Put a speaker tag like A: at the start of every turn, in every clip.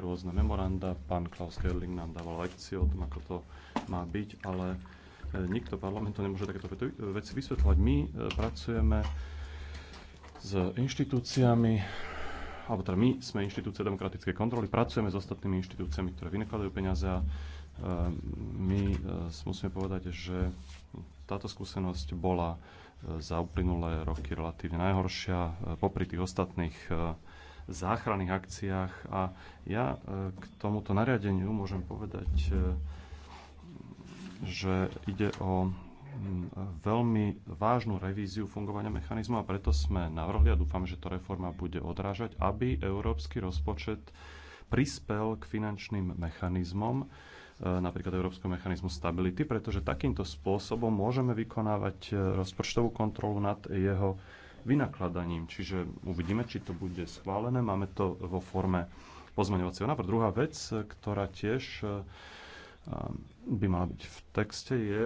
A: rôzne memoranda, pán Klaus Gerling nám dával lekcie o tom, ako to má byť, ale e, nikto parlamentu nemôže takéto veci vysvetľovať. My e, pracujeme s inštitúciami, alebo teda my sme inštitúcia demokratickej kontroly, pracujeme s ostatnými inštitúciami, ktoré vynakladajú peniaze a e, my musíme povedať, že táto skúsenosť bola za uplynulé roky relatívne najhoršia popri tých ostatných záchranných akciách. A ja e, k tomuto nariadeniu môžem povedať, e, že ide o mm, veľmi vážnu revíziu fungovania mechanizmu a preto sme navrhli a dúfam, že to reforma bude odrážať, aby európsky rozpočet prispel k finančným mechanizmom, e, napríklad Európskeho mechanizmu stability, pretože takýmto spôsobom môžeme vykonávať rozpočtovú kontrolu nad jeho vynakladaním. Čiže uvidíme, či to bude schválené. Máme to vo forme pozmeňovacieho návrhu. Druhá vec, ktorá tiež eh, by mala byť v texte, je,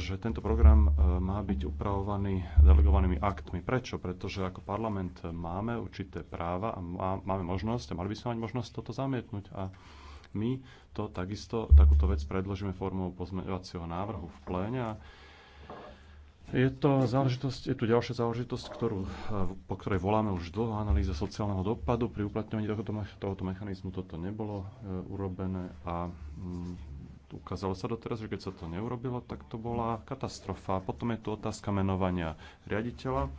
A: že tento program eh, má byť upravovaný delegovanými aktmi. Prečo? Pretože ako parlament máme určité práva a máme možnosť, a mali by sme mať možnosť toto zamietnúť. A my to takisto, takúto vec predložíme formou pozmeňovacieho návrhu v pléne a je, to záležitosť, je tu ďalšia záležitosť, ktorú, eh, po ktorej voláme už dlho analýza sociálneho dopadu. Pri uplatňovaní tohoto, tohoto mechanizmu toto nebolo e, urobené a m, mm, ukázalo sa doteraz, že keď sa to neurobilo, tak to bola katastrofa. Potom je tu otázka menovania riaditeľa. E,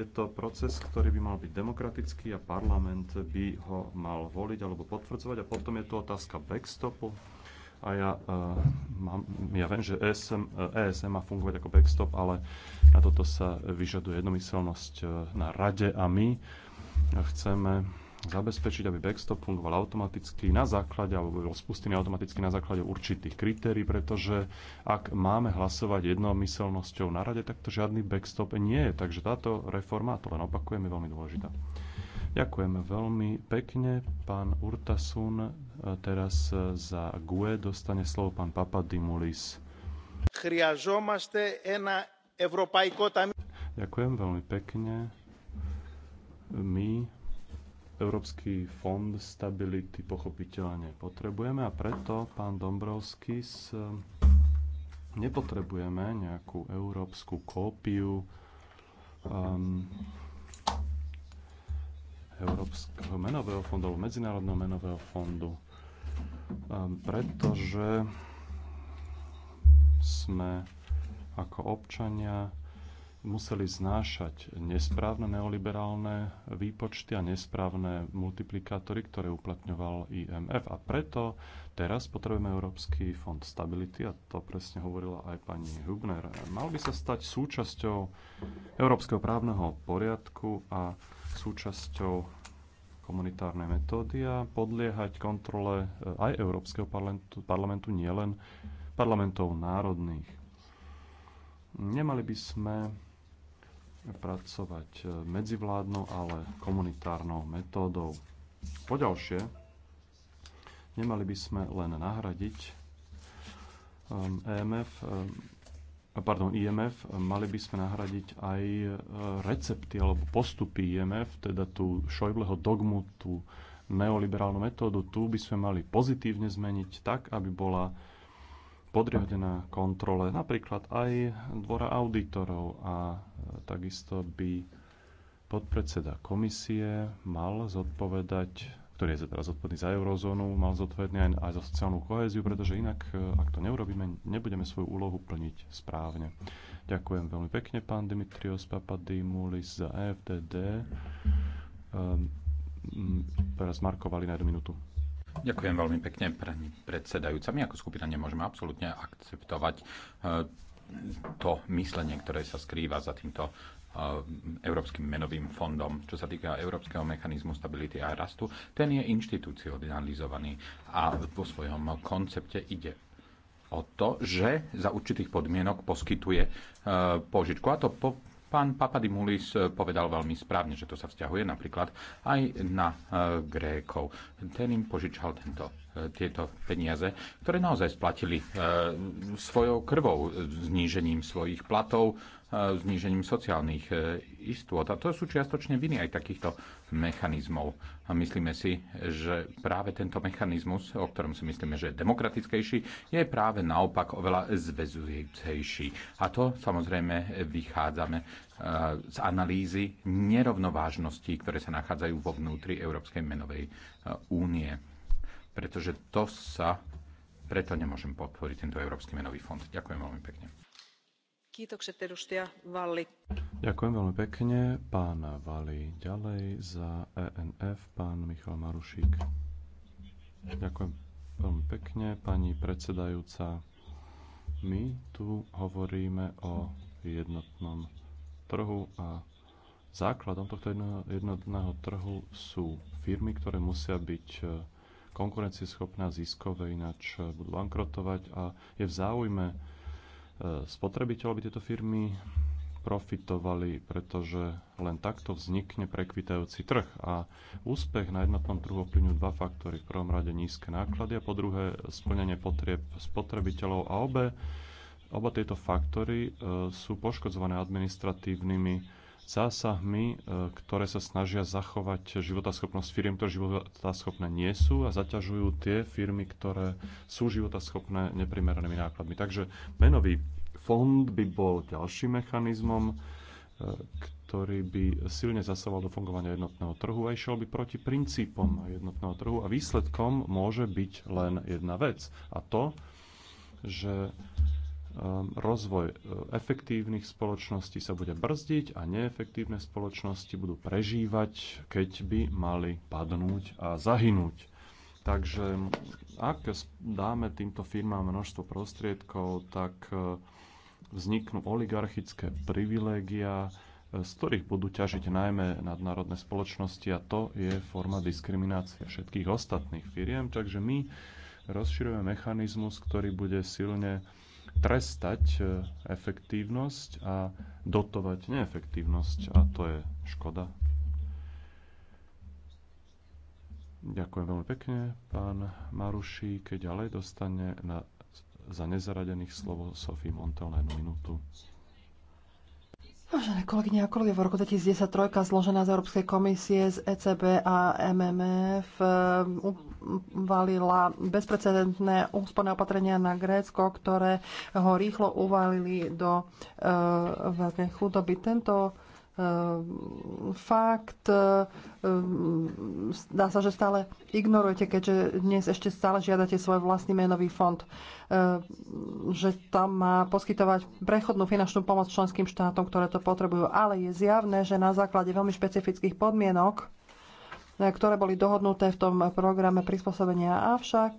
A: je to proces, ktorý by mal byť demokratický a parlament by ho mal voliť alebo potvrdzovať. A potom je tu otázka backstopu a ja, uh, mám, ja viem, že ESM, ESM e má fungovať ako backstop, ale na toto sa vyžaduje jednomyselnosť e, na rade a my chceme zabezpečiť, aby backstop fungoval automaticky na základe, alebo bol spustený automaticky na základe určitých kritérií, pretože ak máme hlasovať jednomyselnosťou na rade, tak to žiadny backstop nie je. Takže táto reforma, to len opakujem, je veľmi dôležitá. Ďakujem veľmi pekne. Pán Urtasun e, teraz e, za GUE dostane slovo pán Papadimulis. Ďakujem veľmi pekne. My Európsky fond stability pochopiteľne potrebujeme a preto, pán Dombrovskis, e, nepotrebujeme nejakú európsku kópiu um, Európskeho menového fondu alebo Medzinárodného menového fondu, ehm, pretože sme ako občania museli znášať nesprávne neoliberálne výpočty a nesprávne multiplikátory, ktoré uplatňoval IMF. A preto teraz potrebujeme Európsky fond stability, a to presne hovorila aj pani Hubner. Mal by sa stať súčasťou európskeho právneho poriadku a súčasťou komunitárnej metódy a podliehať kontrole eh, aj Európskeho parlamentu, parlamentu nielen parlamentov národných. Nemali by sme pracovať e, medzivládnou, ale komunitárnou metódou. Poďalšie, nemali by sme len nahradiť um, EMF, um, pardon, IMF, mali by sme nahradiť aj e, recepty alebo postupy IMF, teda tú Šojbleho dogmu, tú neoliberálnu metódu. Tu by sme mali pozitívne zmeniť tak, aby bola podriadená kontrole, napríklad aj dvora auditorov a e, takisto by podpredseda komisie mal zodpovedať, ktorý je teraz zodpovedný za eurozónu, mal zodpovedný aj, aj za sociálnu kohéziu, pretože inak, e, ak to neurobíme, nebudeme svoju úlohu plniť správne. Ďakujem veľmi pekne, pán Dimitrios Papadimulis za e FDD. Um, teraz Marko na jednu minútu.
B: Ďakujem veľmi pekne, pani predsedajúca. My ako skupina nemôžeme absolútne akceptovať e, to myslenie, ktoré sa skrýva za týmto e, Európskym menovým fondom. Čo sa týka Európskeho mechanizmu stability a rastu, ten je inštitucionalizovaný a vo svojom koncepte ide o to, že za určitých podmienok poskytuje e, požičku. A to po, Pán Papadimulis eh, povedal veľmi správne, že to sa vzťahuje napríklad aj na eh, Grékov. Ten im požičal tento, eh, tieto peniaze, ktoré naozaj splatili svojou krvou, znížením svojich platov, znížením sociálnych e, istôt. A to sú čiastočne viny aj takýchto mechanizmov. A myslíme si, že práve tento mechanizmus, o ktorom si myslíme, že je demokratickejší, je práve naopak oveľa zväzujúcejší. A to samozrejme vychádzame e, z analýzy nerovnovážností, ktoré sa nachádzajú vo vnútri Európskej menovej e, únie. Pretože to sa, preto nemôžem podporiť tento Európsky menový fond. Ďakujem veľmi pekne.
A: Ďakujem veľmi pekne. Pán Vali ďalej za ENF, pán Michal Marušík. Ďakujem veľmi pekne, pani predsedajúca. My tu hovoríme o jednotnom trhu a základom tohto jednotného trhu sú firmy, ktoré musia byť e, konkurencieschopné a ziskové, ináč e, budú bankrotovať a je v záujme E, spotrebiteľ, aby tieto firmy profitovali, pretože len takto vznikne prekvitajúci trh. A úspech na jednotnom trhu ovplyvňujú dva faktory. V prvom rade nízke náklady a po druhé splnenie potrieb spotrebiteľov. A obe, oba tieto faktory e, sú poškodzované administratívnymi zásahmi, e, ktoré sa snažia zachovať životaschopnosť firiem, ktoré životaschopné nie sú a zaťažujú tie firmy, ktoré sú životaschopné neprimeranými nákladmi. Takže menový fond by bol ďalším mechanizmom, e, ktorý by silne zasahoval do fungovania jednotného trhu a išiel by proti princípom jednotného trhu a výsledkom môže byť len jedna vec a to, že Ehm, rozvoj e, efektívnych spoločností sa bude brzdiť a neefektívne spoločnosti budú prežívať, keď by mali padnúť a zahynúť. Takže ak dáme týmto firmám množstvo prostriedkov, tak e, vzniknú oligarchické privilégia, e, z ktorých budú ťažiť najmä nadnárodné spoločnosti a to je forma diskriminácie všetkých ostatných firiem. Takže my rozširujeme mechanizmus, ktorý bude silne trestať e, efektívnosť a dotovať neefektívnosť a to je škoda. Ďakujem veľmi pekne, pán Maruši, keď ďalej dostane na, za nezaradených slovo Sofie Montel na jednu minútu.
C: Vážené kolegyne a kolegy, v roku 2010 trojka zložená z Európskej komisie, z ECB a MMF eh, uvalila bezprecedentné úsporné opatrenia na Grécko, ktoré ho rýchlo uvalili do uh, eh, veľkej vlastne chudoby. Tento Ehm, fakt. Zdá ehm, sa, že stále ignorujete, keďže dnes ešte stále žiadate svoj vlastný menový fond, ehm, že tam má poskytovať prechodnú finančnú pomoc členským štátom, ktoré to potrebujú. Ale je zjavné, že na základe veľmi špecifických podmienok ktoré boli dohodnuté v tom programe prispôsobenia. Avšak,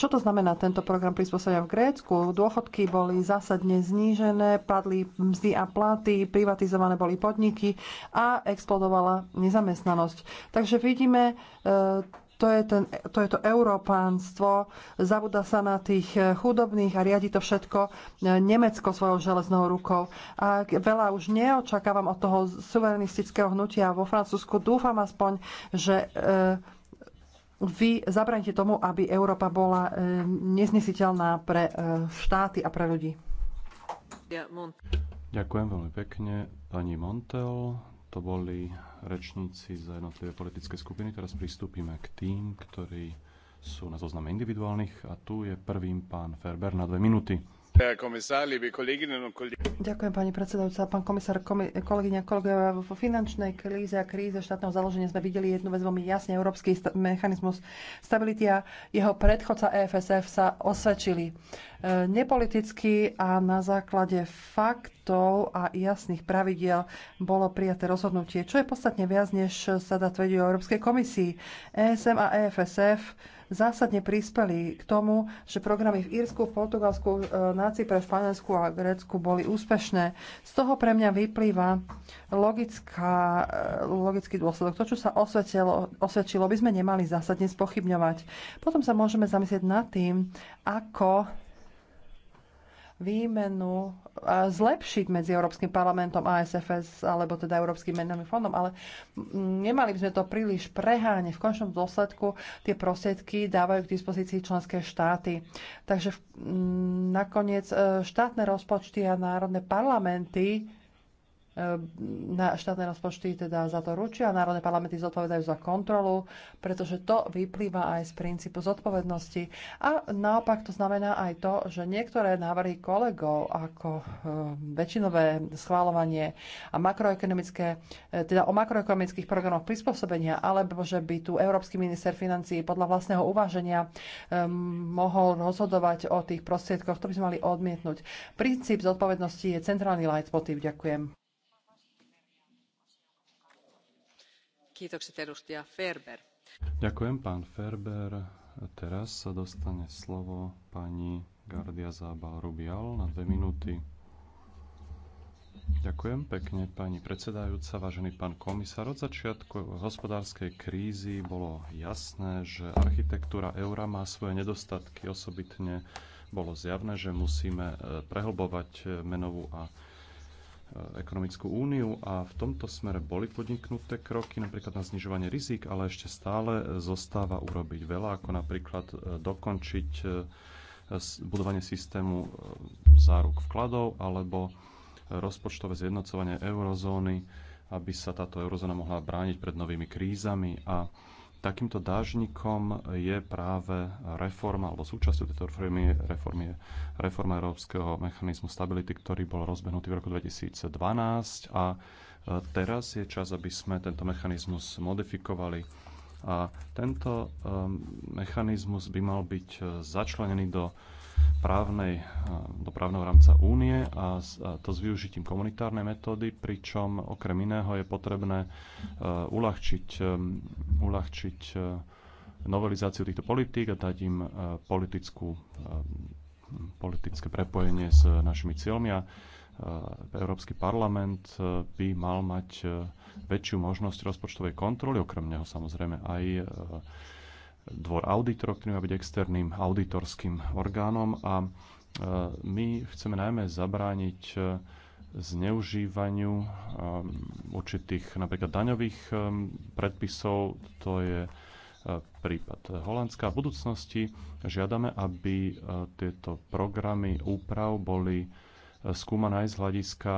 C: čo to znamená tento program prispôsobenia v Grécku? Dôchodky boli zásadne znížené, padli mzdy a platy, privatizované boli podniky a explodovala nezamestnanosť. Takže vidíme e, to je, ten, to je to európánstvo, zabúda sa na tých eh, chudobných a riadi to všetko eh, Nemecko svojou železnou rukou. A veľa už neočakávam od toho suverenistického hnutia vo Francúzsku. Dúfam aspoň, že eh, vy zabraňte tomu, aby Európa bola neznesiteľná pre štáty a pre ľudí.
A: Ďakujem veľmi pekne. Pani Montel, to boli rečníci za jednotlivé politické skupiny. Teraz pristúpime k tým, ktorí sú na zozname individuálnych a tu je prvým pán Ferber na dve minúty.
C: Ďakujem, pani predsedajúca. Pán komisár, kolegyne kolegyňa, kolegovia, vo finančnej kríze a kríze štátneho založenia sme videli jednu vec veľmi jasne. Európsky mechanizmus stability a jeho predchodca EFSF sa osvedčili. E, nepoliticky a na základe faktov a jasných pravidiel bolo prijaté rozhodnutie, čo je podstatne viac, než sa dá tvrdiť o Európskej komisii. ESM a EFSF zásadne prispeli k tomu, že programy v Írsku, v Portugalsku, e, na Cypre, Španielsku a Grécku boli úspešné. Z toho pre mňa vyplýva logická, e, logický dôsledok. To, čo sa osvedčilo, osvedčilo, by sme nemali zásadne spochybňovať. Potom sa môžeme zamyslieť nad tým, ako výmenu zlepšiť medzi Európskym parlamentom a SFS, alebo teda Európskym menovým fondom, ale nemali by sme to príliš preháne. V končnom dôsledku tie prostriedky dávajú k dispozícii členské štáty. Takže nakoniec e, štátne rozpočty a národné parlamenty na štátne rozpočty teda za to ručia, a národné parlamenty zodpovedajú za kontrolu, pretože to vyplýva aj z princípu zodpovednosti. A naopak to znamená aj to, že niektoré návrhy kolegov ako e, väčšinové schváľovanie a makroekonomické, e, teda o makroekonomických programoch prispôsobenia, alebo že by tu Európsky minister financí podľa vlastného uváženia e, mohol rozhodovať o tých prostriedkoch, to by sme mali odmietnúť. Princíp zodpovednosti je centrálny leitmotiv. Ďakujem.
A: Ďakujem, pán Ferber. Teraz sa dostane slovo pani Gardia Zábal Rubial na dve minúty. Ďakujem pekne, pani predsedajúca, vážený pán komisár. Od začiatku hospodárskej krízy bolo jasné, že architektúra eura má svoje nedostatky. Osobitne bolo zjavné, že musíme eh, prehlbovať eh, menovú a Eh, ekonomickú úniu a v tomto smere boli podniknuté kroky, napríklad na znižovanie rizik, ale ešte stále eh, zostáva urobiť veľa, ako napríklad eh, dokončiť budovanie systému záruk vkladov alebo rozpočtové zjednocovanie eurozóny, aby sa táto eurozóna mohla brániť pred novými krízami a takýmto dážnikom je práve reforma, alebo súčasťou tejto reformy, reformy reforma Európskeho mechanizmu stability, ktorý bol rozbehnutý v roku 2012 a e, teraz je čas, aby sme tento mechanizmus modifikovali. A tento e, mechanizmus by mal byť e, začlenený do právnej, do právneho rámca únie a to s využitím komunitárnej metódy, pričom okrem iného je potrebné e, uľahčiť, e, uľahčiť e, novelizáciu týchto politík a dať im politickú, politické prepojenie s našimi cieľmi. A Európsky parlament by mal mať väčšiu možnosť rozpočtovej kontroly, okrem neho samozrejme aj dvor auditorov, ktorý má byť externým auditorským orgánom a e, my chceme najmä zabrániť e, zneužívaniu e, určitých napríklad daňových predpisov, to je prípad Holandska. V budúcnosti žiadame, aby tieto programy úprav boli skúmané aj z hľadiska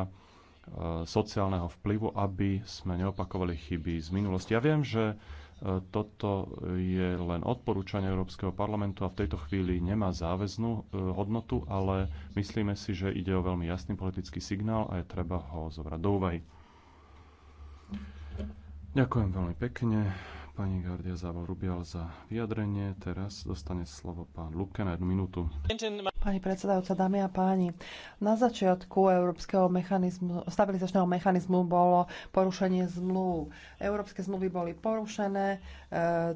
A: sociálneho vplyvu, aby sme neopakovali chyby z minulosti. Ja viem, že E, toto je len odporúčanie Európskeho parlamentu a v tejto chvíli nemá záväznú e, hodnotu, ale myslíme si, že ide o veľmi jasný politický signál a je treba ho zobrať do úvahy. Ďakujem veľmi pekne pani Gardia Zavorubial za vyjadrenie. Teraz dostane slovo pán Luke na jednu minútu.
C: Pani predsedajúca, dámy a páni, na začiatku európskeho mechanizmu, stabilizačného mechanizmu bolo porušenie zmluv. Európske zmluvy boli porušené, e,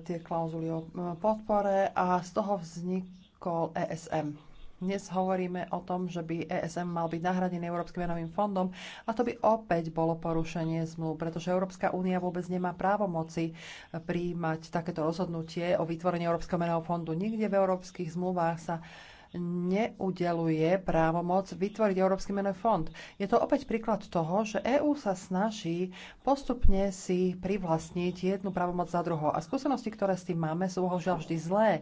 C: tie klauzuly o podpore a z toho vznikol ESM. Dnes hovoríme o tom, že by ESM mal byť nahradený Európskym menovým fondom a to by opäť bolo porušenie zmluv, pretože Európska únia vôbec nemá právomoci príjmať takéto rozhodnutie o vytvorení Európskeho menového fondu. Nikde v európskych zmluvách sa neudeluje právomoc vytvoriť Európsky menový fond. Je to opäť príklad toho, že EÚ sa snaží postupne si privlastniť jednu právomoc za druhou. A skúsenosti, ktoré s tým máme, sú bohužiaľ vždy zlé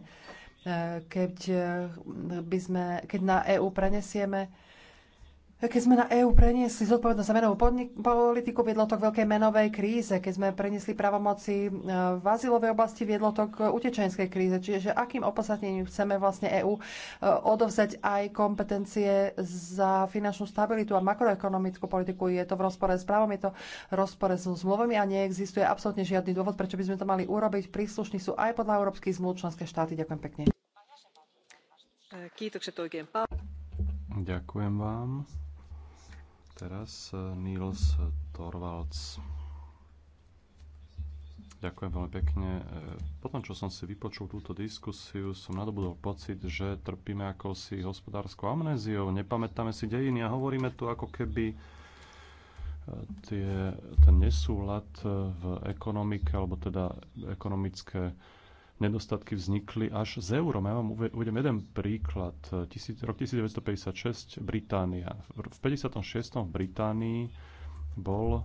C: keď, eh, by sme, keď na EÚ prenesieme keď sme na EÚ preniesli zodpovednosť za menovú politiku, viedlo to k veľkej menovej kríze. Keď sme preniesli právomoci eh, v azylovej oblasti, viedlo to k utečenskej kríze. Čiže akým opodstatnením chceme vlastne EÚ eh, odovzať aj kompetencie za finančnú stabilitu a makroekonomickú politiku? Je to v rozpore s právom, je to v rozpore s zmluvami a neexistuje absolútne žiadny dôvod, prečo by sme to mali urobiť. Príslušní sú aj podľa európskych zmluv členské štáty. Ďakujem pekne.
A: Ďakujem vám. Teraz eh, Nils Torvalds. Ďakujem veľmi pekne. Eh, po tom, čo som si vypočul túto diskusiu, som nadobudol pocit, že trpíme ako si hospodárskou amnéziou, nepamätáme si dejiny a hovoríme tu ako keby eh, tie, ten nesúlad v ekonomike, alebo teda ekonomické nedostatky vznikli až z eurom. Ja vám uvedem jeden príklad. Rok 1956 Británia. V 56. v Británii bol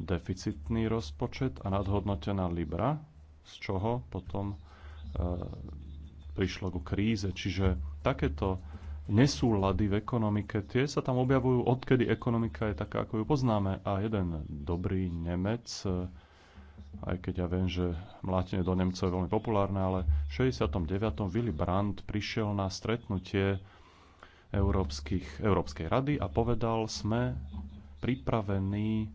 A: deficitný rozpočet a nadhodnotená libra, z čoho potom e, prišlo ku kríze. Čiže takéto nesúlady v ekonomike, tie sa tam objavujú, odkedy ekonomika je taká, ako ju poznáme. A jeden dobrý Nemec e, aj keď ja viem, že mlátenie do Nemcov je veľmi populárne, ale v 69. Willy Brandt prišiel na stretnutie Európskych, Európskej rady a povedal, sme pripravení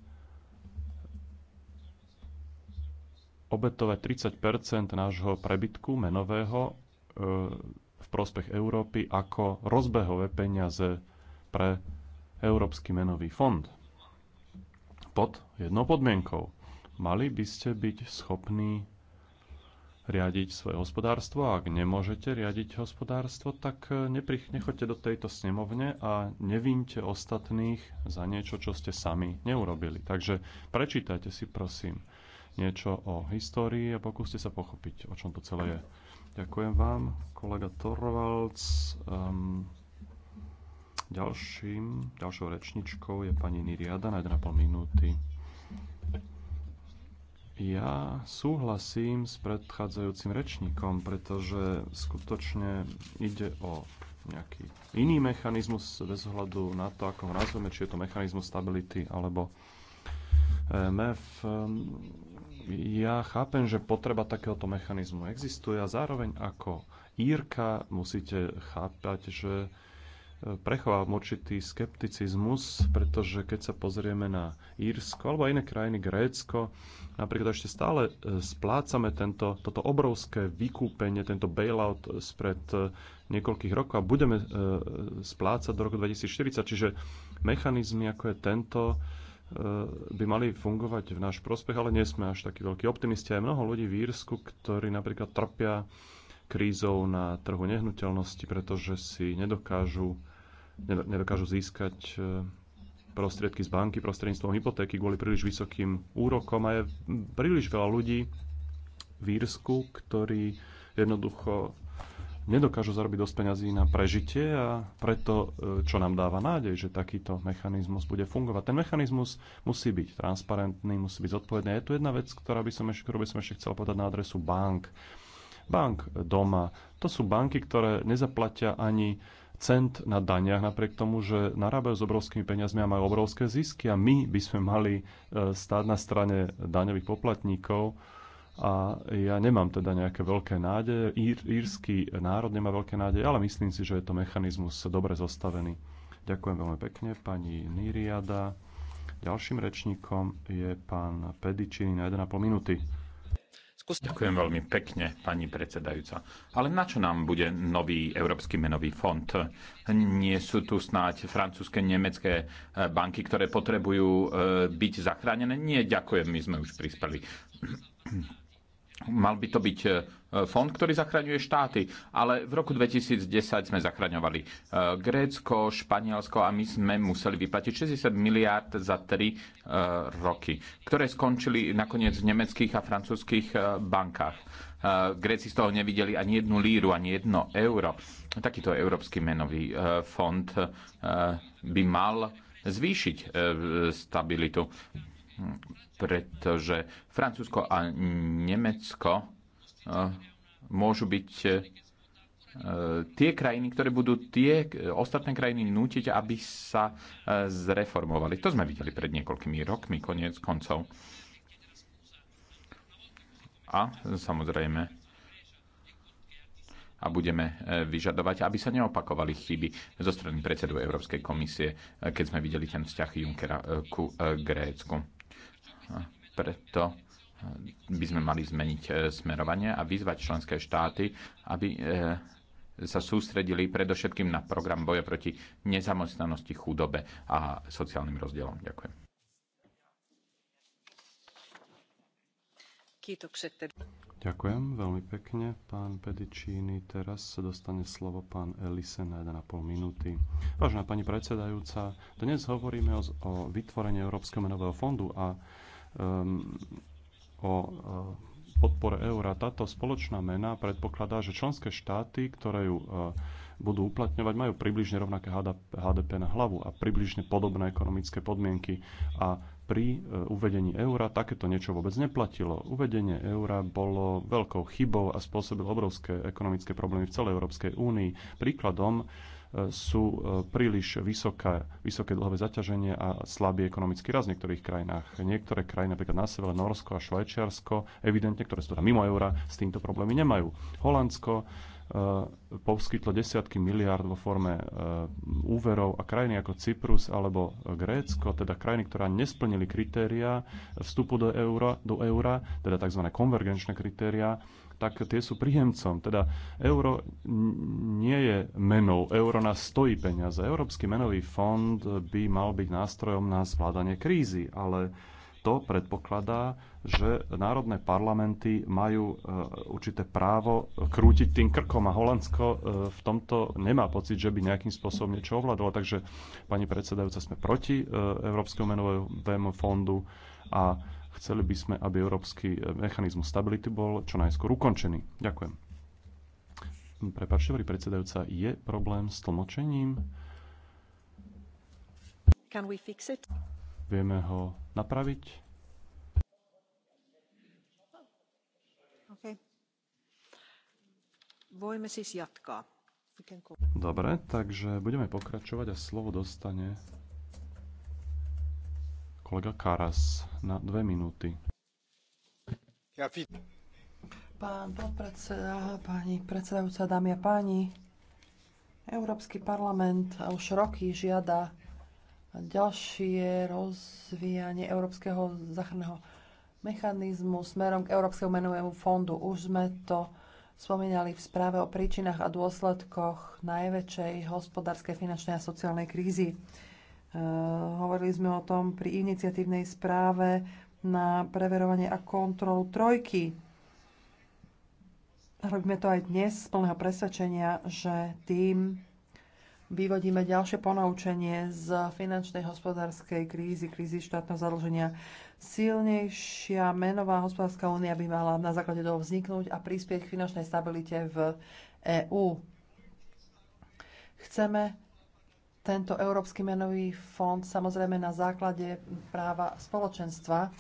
A: obetovať 30 nášho prebytku menového e, v prospech Európy ako rozbehové peniaze pre Európsky menový fond. Pod jednou podmienkou Mali by ste byť schopní riadiť svoje hospodárstvo a ak nemôžete riadiť hospodárstvo, tak eh, neprich, nechoďte do tejto snemovne a nevínte ostatných za niečo, čo ste sami neurobili. Takže prečítajte si prosím niečo o histórii a pokúste sa pochopiť, o čom to celé je. Ďakujem vám, kolega Torvalds. Um, ďalším, ďalšou rečničkou je pani Niriada na 1,5 minúty. Ja súhlasím s predchádzajúcim rečníkom, pretože skutočne ide o nejaký iný mechanizmus bez ohľadu na to, ako ho nazveme, či je to mechanizmus stability alebo eh, MF. Ehm, ja chápem, že potreba takéhoto mechanizmu existuje a zároveň ako Írka musíte chápať, že prechovávam určitý skepticizmus, pretože keď sa pozrieme na Írsko alebo iné krajiny, Grécko, napríklad ešte stále e, splácame tento, toto obrovské vykúpenie, tento bailout spred e, niekoľkých rokov a budeme e, splácať do roku 2040. Čiže mechanizmy ako je tento by mali fungovať v náš prospech, ale nie sme až takí veľkí optimisti. Aj mnoho ľudí v Írsku, ktorí napríklad trpia krízou na trhu nehnuteľnosti, pretože si nedokážu, nedokážu získať e, prostriedky z banky prostredníctvom hypotéky kvôli príliš vysokým úrokom a je príliš veľa ľudí v Írsku, ktorí jednoducho nedokážu zarobiť dosť peňazí na prežitie a preto, e, čo nám dáva nádej, že takýto mechanizmus bude fungovať. Ten mechanizmus musí byť transparentný, musí byť zodpovedný. Je tu jedna vec, ktorá by som ešte, ktorú by som ešte chcel povedať na adresu bank bank doma. To sú banky, ktoré nezaplatia ani cent na daniach, napriek tomu, že narábajú s obrovskými peniazmi a majú obrovské zisky a my by sme mali e, stáť na strane daňových poplatníkov a ja nemám teda nejaké veľké nádeje. Ír, írsky národ nemá veľké nádeje, ale myslím si, že je to mechanizmus dobre zostavený. Ďakujem veľmi pekne pani Niriada. Ďalším rečníkom je pán
B: Pedičiny na 1,5 minúty. Skúste... Ďakujem veľmi pekne, pani predsedajúca. Ale na čo nám bude nový Európsky menový fond? Nie sú tu snáď francúzske, nemecké e, banky, ktoré potrebujú e, byť zachránené? Nie, ďakujem, my sme už prispeli Mal by to byť e, fond, ktorý zachraňuje štáty, ale v roku 2010 sme zachraňovali e, Grécko, Španielsko a my sme museli vyplatiť 60 miliárd za 3 e, roky, ktoré skončili nakoniec v nemeckých a francúzských bankách. Gréci z toho nevideli ani jednu líru, ani jedno euro. Takýto Európsky menový fond by mal zvýšiť stabilitu pretože Francúzsko a Nemecko eh, môžu byť eh, tie krajiny, ktoré budú tie eh, ostatné krajiny nútiť, aby sa zreformovali. To sme videli pred niekoľkými rokmi, koniec koncov. A samozrejme, a budeme vyžadovať, aby sa neopakovali chyby zo strany predsedu Európskej komisie, keď sme videli ten vzťah Junckera ku Grécku. Preto eh, by sme mali zmeniť eh, smerovanie a vyzvať členské štáty, aby eh, sa sústredili predovšetkým na program boja proti nezamestnanosti, chudobe a sociálnym rozdielom. Ďakujem.
A: Ďakujem veľmi pekne, pán Pedičíny. Teraz sa dostane slovo pán Elise na 1,5 minúty. Vážená pani predsedajúca, dnes hovoríme o, o vytvorení Európskeho menového fondu a Ehm, o e, podpore eura. Táto spoločná mena predpokladá, že členské štáty, ktoré ju e, budú uplatňovať, majú približne rovnaké HDP na hlavu a približne podobné ekonomické podmienky. A pri e, uvedení eura takéto niečo vôbec neplatilo. Uvedenie eura bolo veľkou chybou a spôsobilo obrovské ekonomické problémy v celej Európskej únii. Príkladom sú e, príliš vysoké, vysoké dlhové zaťaženie a slabý ekonomický rast v niektorých krajinách. Niektoré krajiny, napríklad na severe Norsko a Švajčiarsko, evidentne, ktoré sú teda mimo eura, s týmto problémy nemajú. Holandsko e, poskytlo desiatky miliárd vo forme e, úverov a krajiny ako Cyprus alebo Grécko, teda krajiny, ktorá nesplnili kritéria vstupu do eura, do eura teda tzv. konvergenčné kritéria, tak tie sú príjemcom. Teda euro nie je menou, euro nás stojí peniaze. Európsky menový fond by mal byť nástrojom na zvládanie krízy, ale to predpokladá, že národné parlamenty majú e, určité právo krútiť tým krkom a Holandsko e, v tomto nemá pocit, že by nejakým spôsobom niečo ovládalo. Takže, pani predsedajúca, sme proti e, Európskeho menovému fondu a Chceli by sme, aby európsky eh, mechanizmus stability bol čo najskôr ukončený. Ďakujem. Prepačte, pri predsedajúca, je problém s tlmočením?
C: Can we fix it?
A: Vieme ho napraviť? Dobre, takže budeme pokračovať a slovo dostane kolega Karas na dve minúty.
C: Pán podpredseda, pani predsedajúca, dámy a páni, Európsky parlament už roky žiada ďalšie rozvíjanie Európskeho záchranného mechanizmu smerom k Európskemu menovému fondu. Už sme to spomínali v správe o príčinách a dôsledkoch najväčšej hospodárskej, finančnej a sociálnej krízy. Eh, hovorili sme o tom pri iniciatívnej správe na preverovanie a kontrolu trojky. Robíme to aj dnes z plného presvedčenia, že tým vyvodíme ďalšie ponaučenie z finančnej hospodárskej krízy, krízy štátneho zadlženia. Silnejšia menová hospodárska únia by mala na základe toho vzniknúť a prispieť k finančnej stabilite v EÚ. Chceme tento Európsky menový fond samozrejme na základe práva spoločenstva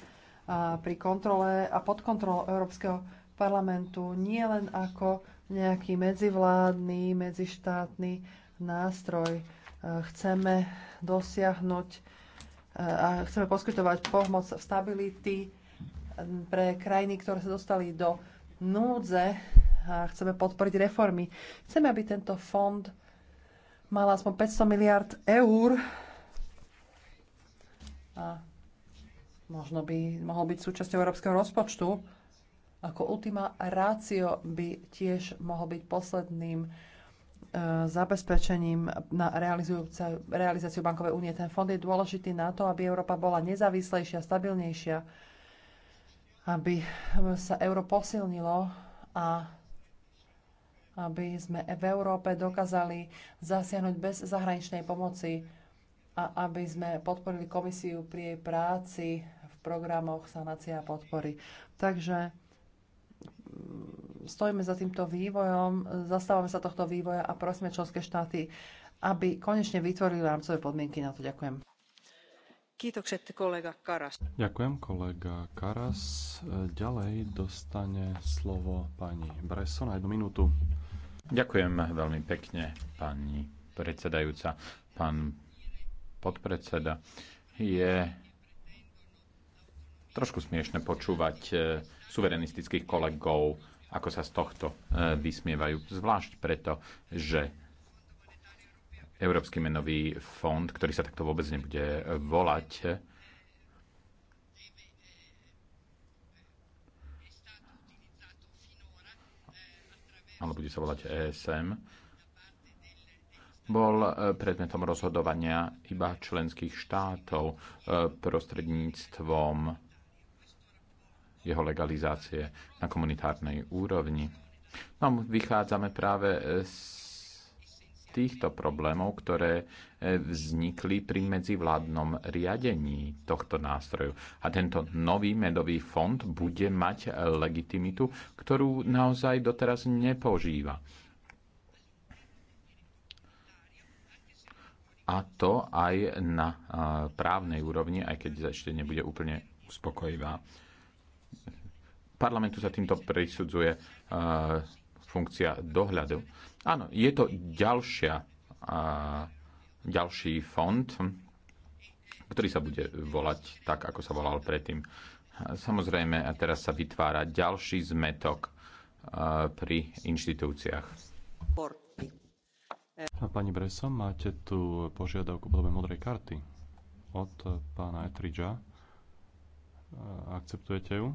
C: a pri kontrole a pod kontrolou Európskeho parlamentu nie len ako nejaký medzivládny, medzištátny nástroj. E, chceme dosiahnuť e, a chceme poskytovať pomoc stability pre krajiny, ktoré sa dostali do núdze a chceme podporiť reformy. Chceme, aby tento fond mala aspoň 500 miliard eur a možno by mohol byť súčasťou európskeho rozpočtu. Ako ultima ratio by tiež mohol byť posledným e, zabezpečením na realizáciu bankovej únie. Ten fond je dôležitý na to, aby Európa bola nezávislejšia, stabilnejšia, aby sa euro posilnilo a aby sme v Európe dokázali zasiahnuť bez zahraničnej pomoci a aby sme podporili komisiu pri jej práci v programoch sanácia a podpory. Takže mm, stojíme za týmto vývojom, zastávame sa tohto vývoja a prosíme členské štáty, aby konečne vytvorili rámcové podmienky na to. Ďakujem. Kolega Karas.
A: Ďakujem, kolega Karas. Ďalej dostane slovo pani Bresson na jednu minútu.
B: Ďakujem veľmi pekne, pani predsedajúca. Pán podpredseda, je trošku smiešne počúvať e, suverenistických kolegov, ako sa z tohto e, vysmievajú. Zvlášť preto, že Európsky menový fond, ktorý sa takto vôbec nebude volať, ale bude sa volať ESM, bol e, predmetom rozhodovania iba členských štátov e, prostredníctvom jeho legalizácie na komunitárnej úrovni. No, vychádzame práve z týchto problémov, ktoré e, vznikli pri medzivládnom riadení tohto nástroju. A tento nový medový fond bude mať legitimitu, ktorú naozaj doteraz nepožíva. A to aj na e, právnej úrovni, aj keď ešte nebude úplne uspokojivá. Parlamentu sa týmto prisudzuje e, funkcia dohľadu. Áno, je to ďalšia, a, ďalší fond, ktorý sa bude volať tak, ako sa volal predtým. Samozrejme, a teraz sa vytvára ďalší zmetok a, pri inštitúciách.
A: A pani Bresom, máte tu požiadavku podobe modrej karty od pána Etridža. Akceptujete ju?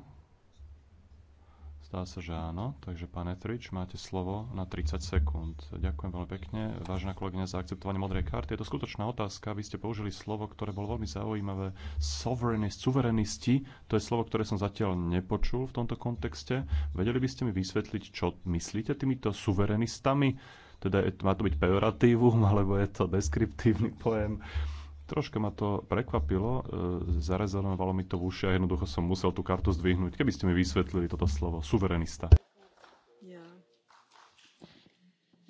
A: Zdá sa, že áno. Takže, pán Etrič, máte slovo na 30 sekúnd. Ďakujem veľmi pekne, vážená kolegyňa, za akceptovanie modrej karty. Je to skutočná otázka. Vy ste použili slovo, ktoré bolo veľmi zaujímavé. Sovereignist, suverenisti. To je slovo, ktoré som zatiaľ nepočul v tomto kontexte. Vedeli by ste mi vysvetliť, čo myslíte týmito suverenistami? Teda má to byť pejoratívum, alebo je to deskriptívny pojem? Troška ma to prekvapilo, e, zarezonovalo mi to v uši a jednoducho som musel tú kartu zdvihnúť. Keby ste mi vysvetlili toto slovo, suverenista.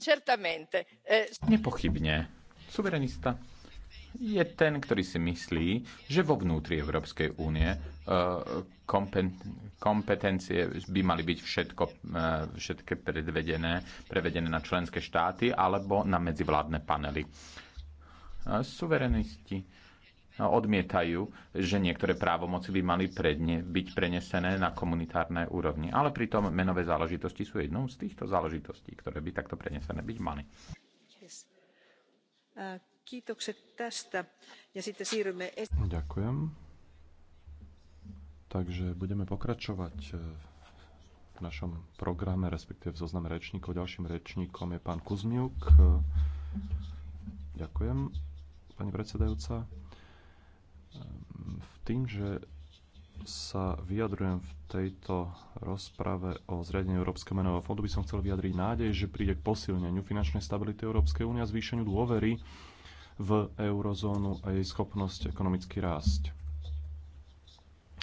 B: Certamente. E, Nepochybne. Suverenista je ten, ktorý si myslí, že vo vnútri Európskej únie e, kompetencie by mali byť všetko, všetky predvedené, prevedené na členské štáty alebo na medzivládne panely suverenisti odmietajú, že niektoré právomoci by mali predne byť prenesené na komunitárne úrovni. Ale pritom menové záležitosti sú jednou z týchto záležitostí, ktoré by takto prenesené byť mali. Ďakujem. Takže budeme
A: pokračovať e, v našom programe, respektíve v zozname rečníkov. Ďalším rečníkom je pán Kuzmiuk. E, ďakujem pani predsedajúca. V tým, že sa vyjadrujem v tejto rozprave o zriadení Európskeho menového fondu, by som chcel vyjadriť nádej, že príde k posilneniu finančnej stability Európskej únie a zvýšeniu dôvery v eurozónu a jej schopnosť ekonomicky rásť.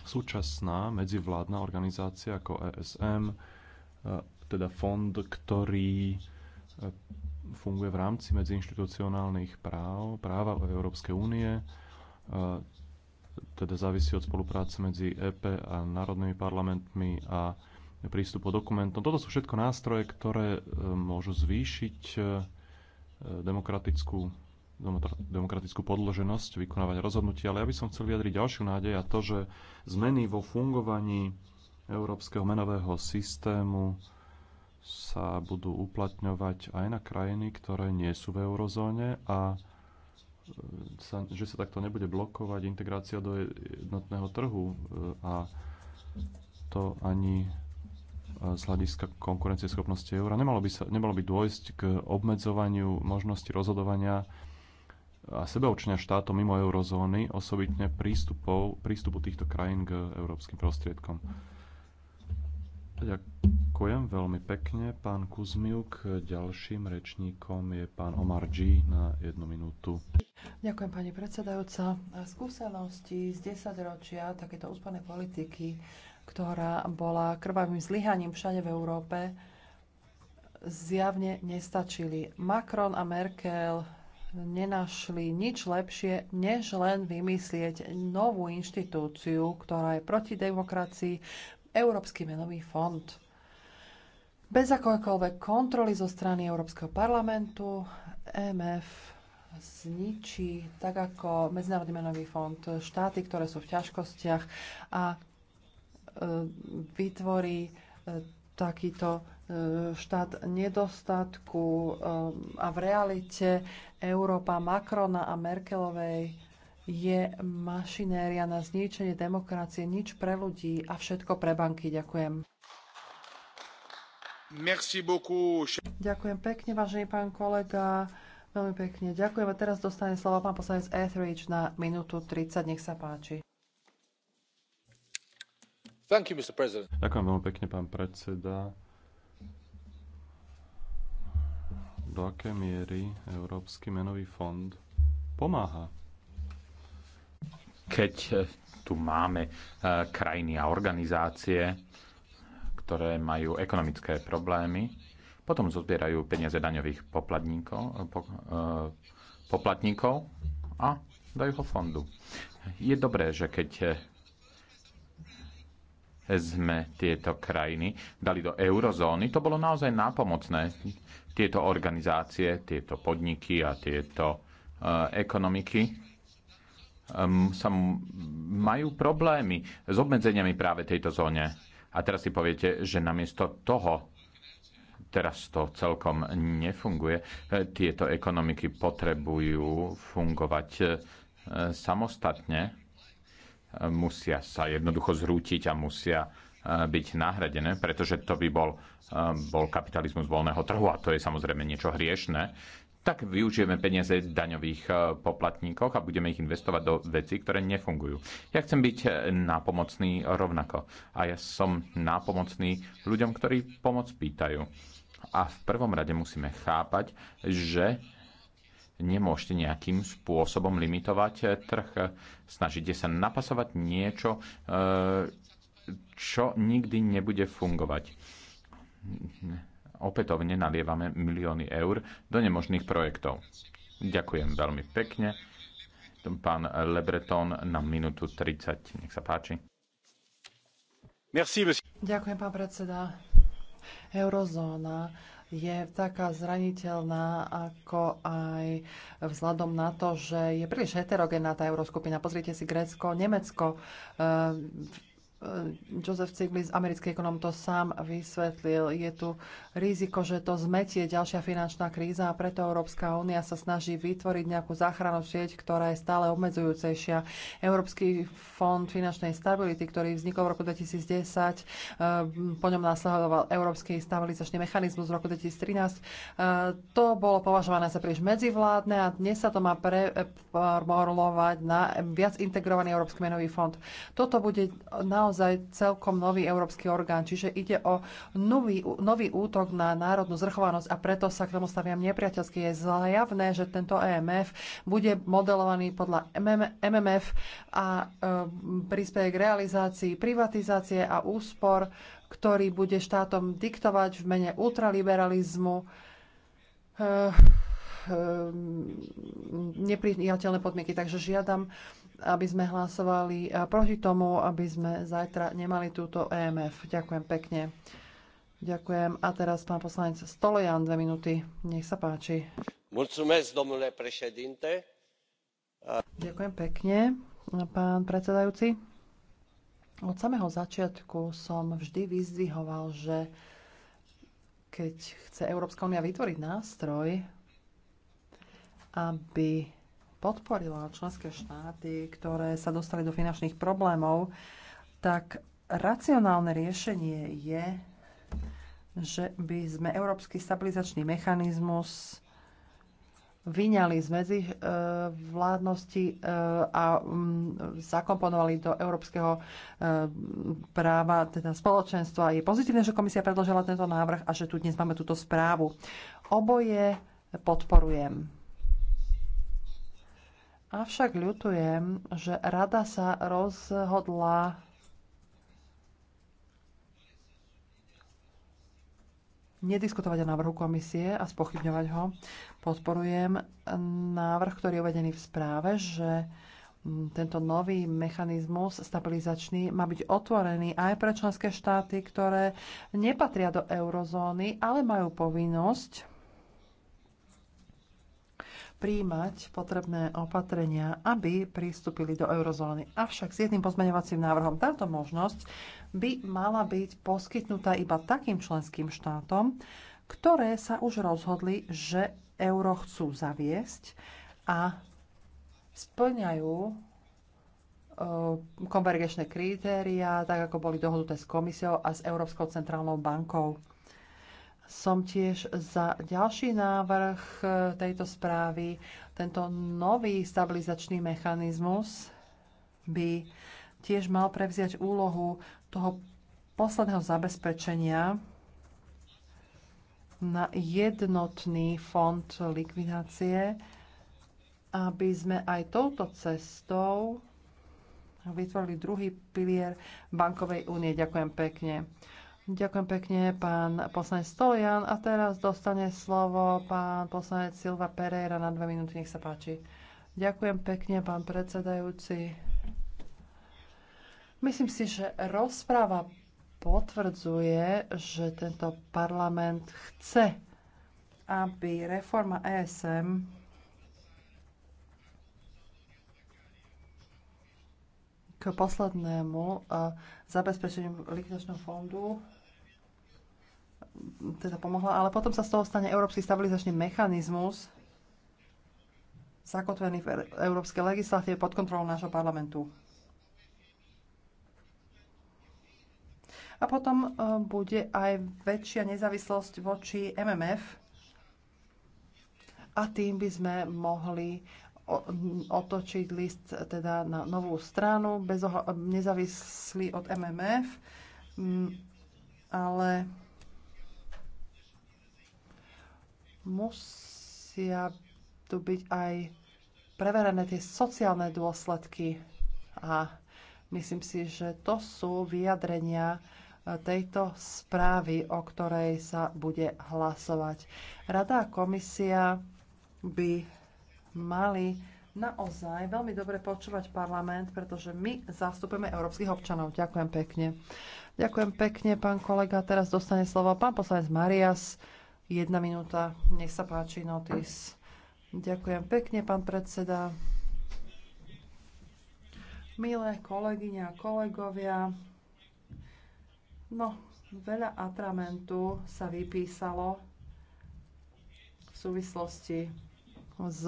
A: Súčasná medzivládna organizácia ako ESM, e, teda fond, ktorý funguje v rámci medziinštitucionálnych práv, práva Európskej únie, e, teda závisí od spolupráce medzi EP a národnými parlamentmi a prístupu dokumentom. Toto sú všetko nástroje, ktoré e, môžu zvýšiť e, demokratickú, demokratickú podloženosť vykonávať rozhodnutia, ale ja by som chcel vyjadriť ďalšiu nádej a to, že zmeny vo fungovaní európskeho menového systému sa budú uplatňovať aj na krajiny, ktoré nie sú v eurozóne a e, sa, že sa takto nebude blokovať integrácia do jednotného trhu e, a to ani e, z hľadiska konkurencieschopnosti eura. Nemalo by, sa, nemalo by dôjsť k obmedzovaniu možnosti rozhodovania a sebeučenia štátov mimo eurozóny, osobitne prístupov, prístupu týchto krajín k európskym prostriedkom. Ďakujem veľmi pekne. Pán Kuzmiuk, ďalším rečníkom je pán Omar G. na jednu minútu.
C: Ďakujem, pani predsedajúca. Skúsenosti z 10 ročia takéto úspanej politiky, ktorá bola krvavým zlyhaním všade v Európe, zjavne nestačili. Macron a Merkel nenašli nič lepšie, než len vymyslieť novú inštitúciu, ktorá je proti demokracii, Európsky menový fond. Bez akokoľvek kontroly zo strany Európskeho parlamentu EMF zničí, tak ako Medzinárodný menový fond, štáty, ktoré sú v ťažkostiach a e, vytvorí e, takýto e, štát nedostatku e, a v realite Európa Macrona a Merkelovej je mašinéria na zničenie demokracie, nič pre ľudí a všetko pre banky. Ďakujem.
D: Merci beaucoup.
C: Ďakujem pekne, vážený pán kolega. Veľmi pekne. Ďakujem. A teraz dostane slovo pán poslanec Etheridge na minútu 30. Nech sa páči.
B: Thank you, Mr. President.
A: Ďakujem veľmi pekne, pán predseda. do akej miery Európsky menový fond pomáha
B: keď tu máme e, krajiny a organizácie, ktoré majú ekonomické problémy, potom zozbierajú peniaze daňových poplatníkov, e, e, poplatníkov a dajú ho fondu. Je dobré, že keď sme tieto krajiny dali do eurozóny, to bolo naozaj nápomocné. Tieto organizácie, tieto podniky a tieto ekonomiky sa majú problémy s obmedzeniami práve tejto zóne. A teraz si poviete, že namiesto toho teraz to celkom nefunguje. E, tieto ekonomiky potrebujú fungovať e, samostatne, e, musia sa jednoducho zrútiť a musia byť nahradené, pretože to by bol, bol kapitalizmus voľného trhu a to je samozrejme niečo hriešne tak využijeme peniaze daňových e, poplatníkov a budeme ich investovať do vecí, ktoré nefungujú. Ja chcem byť e, nápomocný rovnako. A ja som nápomocný ľuďom, ktorí pomoc pýtajú. A v prvom rade musíme chápať, že nemôžete nejakým spôsobom limitovať e, trh. Snažíte sa napasovať niečo, čo nikdy nebude fungovať opätovne nalievame milióny eur do nemožných projektov. Ďakujem veľmi pekne. Pán Lebreton na minútu 30. Nech sa páči.
C: Ďakujem, pán predseda. Eurozóna je taká zraniteľná, ako aj vzhľadom na to, že je príliš heterogénna tá euroskupina. Pozrite si Grécko, Nemecko. Ehm, Eh, Joseph Stiglitz, americký ekonom, to sám vysvetlil. Je tu riziko, že to zmetie ďalšia finančná kríza a preto Európska únia sa snaží vytvoriť nejakú záchranu sieť, ktorá je stále obmedzujúcejšia. Európsky fond finančnej stability, ktorý vznikol v roku 2010, eh, po ňom následoval Európsky stabilizačný mechanizmus v roku 2013. Eh, to bolo považované za príliš medzivládne a dnes sa to má preformulovať na viac integrovaný Európsky menový fond. Toto bude naozaj naozaj celkom nový európsky orgán, čiže ide o nový, nový útok na národnú zrchovanosť a preto sa k tomu staviam nepriateľsky. Je zjavné, že tento EMF bude modelovaný podľa MMF a e, prispieje k realizácii privatizácie a úspor, ktorý bude štátom diktovať v mene ultraliberalizmu e, e, nepriateľné podmienky. Takže žiadam aby sme hlasovali eh, proti tomu, aby sme zajtra nemali túto EMF. Ďakujem pekne. Ďakujem. A teraz pán poslanec Stolojan, dve minúty. Nech sa páči.
D: Mulțumesc, domnule președinte. Ďakujem
C: pekne, pán predsedajúci. Od samého začiatku som vždy vyzdvihoval, že keď chce Európska únia vytvoriť nástroj, aby podporila členské štáty, ktoré sa dostali do finančných problémov, tak racionálne riešenie je, že by sme Európsky stabilizačný mechanizmus vyňali z medzi e, vládnosti e, a mm, zakomponovali do európskeho e, práva, teda spoločenstva. Je pozitívne, že komisia predložila tento návrh a že tu dnes máme túto správu. Oboje podporujem. Avšak ľutujem, že rada sa rozhodla nediskutovať o návrhu komisie a spochybňovať ho. Podporujem návrh, ktorý je uvedený v správe, že tento nový mechanizmus stabilizačný má byť otvorený aj pre členské štáty, ktoré nepatria do eurozóny, ale majú povinnosť príjmať potrebné opatrenia, aby pristúpili do eurozóny. Avšak s jedným pozmeňovacím návrhom táto možnosť by mala byť poskytnutá iba takým členským štátom, ktoré sa už rozhodli, že euro chcú zaviesť a splňajú e, konvergečné kritéria, tak ako boli dohodnuté s komisiou a s Európskou centrálnou bankou som tiež za ďalší návrh e, tejto správy. Tento nový stabilizačný mechanizmus by tiež mal prevziať úlohu toho posledného zabezpečenia na jednotný fond likvidácie, aby sme aj touto cestou vytvorili druhý pilier bankovej únie. Ďakujem pekne. Ďakujem pekne, pán poslanec Stolian. A teraz dostane slovo pán poslanec Silva Pereira na dve minúty. Nech sa páči. Ďakujem pekne, pán predsedajúci. Myslím si, že rozpráva potvrdzuje, že tento parlament chce, aby reforma ESM k poslednému eh, zabezpečeniu likvidačného fondu teda pomohla, ale potom sa z toho stane Európsky stabilizačný mechanizmus, zakotvený v európskej legislatíve pod kontrolou nášho parlamentu. A potom e, bude aj väčšia nezávislosť voči MMF a tým by sme mohli otočiť list teda na novú stranu, bez nezávislý od MMF, ale musia tu byť aj preverené tie sociálne dôsledky. A myslím si, že to sú vyjadrenia e, tejto správy, o ktorej sa bude hlasovať. Rada a komisia by mali naozaj veľmi dobre počúvať parlament, pretože my zastupujeme európskych občanov. Ďakujem pekne. Ďakujem pekne, pán kolega. Teraz dostane slovo pán poslanec Marias Jedna minúta. Nech sa páči, Notis. Ďakujem pekne, pán predseda. Milé kolegyne a kolegovia, no, veľa atramentu sa vypísalo v súvislosti s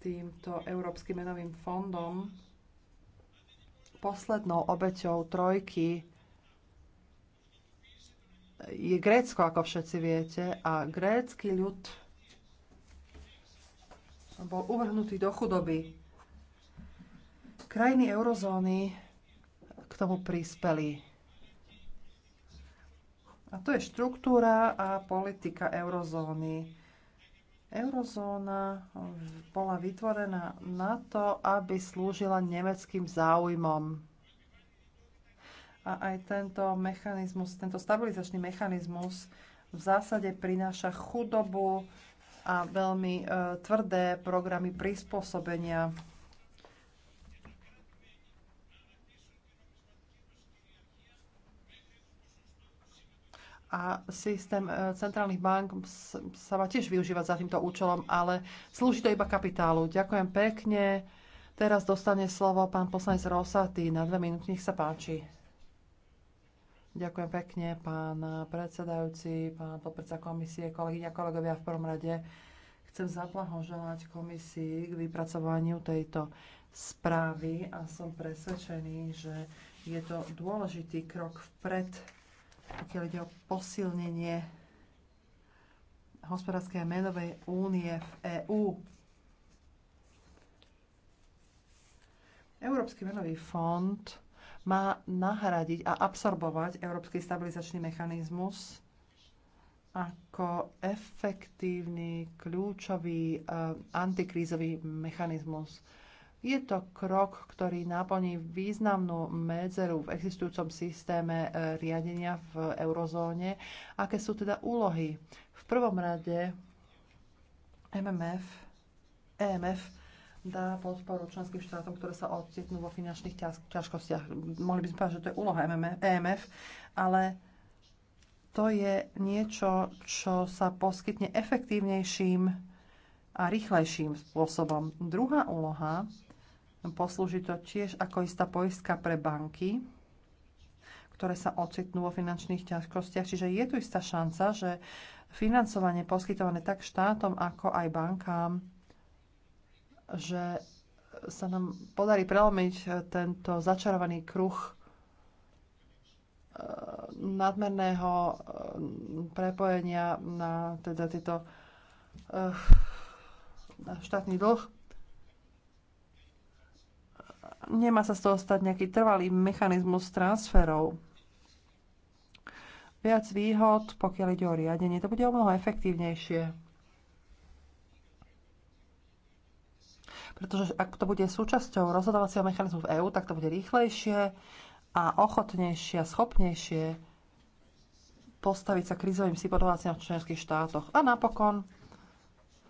C: týmto Európskym menovým fondom. Poslednou obeťou trojky je Grécko, ako všetci viete, a grécky ľud bol uvrhnutý do chudoby. Krajiny eurozóny k tomu prispeli. A to je štruktúra a politika eurozóny. Eurozóna bola vytvorená na to, aby slúžila nemeckým záujmom. A aj tento mechanizmus, tento stabilizačný mechanizmus v zásade prináša chudobu a veľmi e, tvrdé programy prispôsobenia. a systém e, centrálnych bank sa má tiež využívať za týmto účelom, ale slúži to iba kapitálu. Ďakujem pekne. Teraz dostane slovo pán poslanec Rosaty. Na dve minúty, nech sa páči. Ďakujem pekne, pán predsedajúci, pán podpredseda komisie, kolegyňa, kolegovia v prvom rade. Chcem zaplahoželať komisii k vypracovaniu tejto správy a som presvedčený, že je to dôležitý krok vpred, pokiaľ ide o posilnenie hospodárskej menovej únie v EÚ. Európsky menový fond má nahradiť a absorbovať Európsky stabilizačný mechanizmus ako efektívny, kľúčový e, antikrízový mechanizmus. Je to krok, ktorý naplní významnú medzeru v existujúcom systéme e, riadenia v eurozóne. Aké sú teda úlohy? V prvom rade MMF, EMF dá podporu členským štátom, ktoré sa ocitnú vo finančných ťažkostiach. Mohli by sme povedať, že to je úloha EMF, e ale to je niečo, čo sa poskytne efektívnejším a rýchlejším spôsobom. Druhá úloha poslúži to tiež ako istá poistka pre banky, ktoré sa ocitnú vo finančných ťažkostiach. Čiže je tu istá šanca, že financovanie poskytované tak štátom, ako aj bankám že sa nám podarí prelomiť e, tento začarovaný kruh e, nadmerného e, prepojenia na teda tieto na štátny dlh. Nemá sa z toho stať nejaký trvalý mechanizmus transferov. Viac výhod, pokiaľ ide o riadenie, to bude o mnoho efektívnejšie pretože ak to bude súčasťou rozhodovacieho mechanizmu v EÚ, tak to bude rýchlejšie a ochotnejšie a schopnejšie postaviť sa krizovým situáciám v členských štátoch. A napokon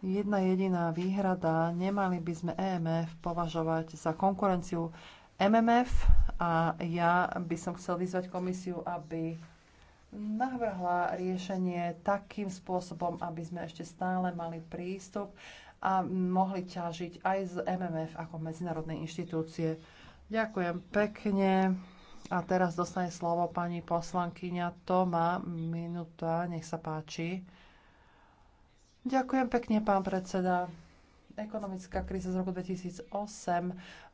C: jedna jediná výhrada, nemali by sme EMF považovať za konkurenciu MMF a ja by som chcel vyzvať komisiu, aby navrhla riešenie takým spôsobom, aby sme ešte stále mali prístup a mohli ťažiť aj z MMF ako medzinárodnej inštitúcie. Ďakujem pekne. A teraz dostane slovo pani poslankyňa Toma. Minúta, nech sa páči. Ďakujem pekne, pán predseda. Ekonomická kríza z roku 2008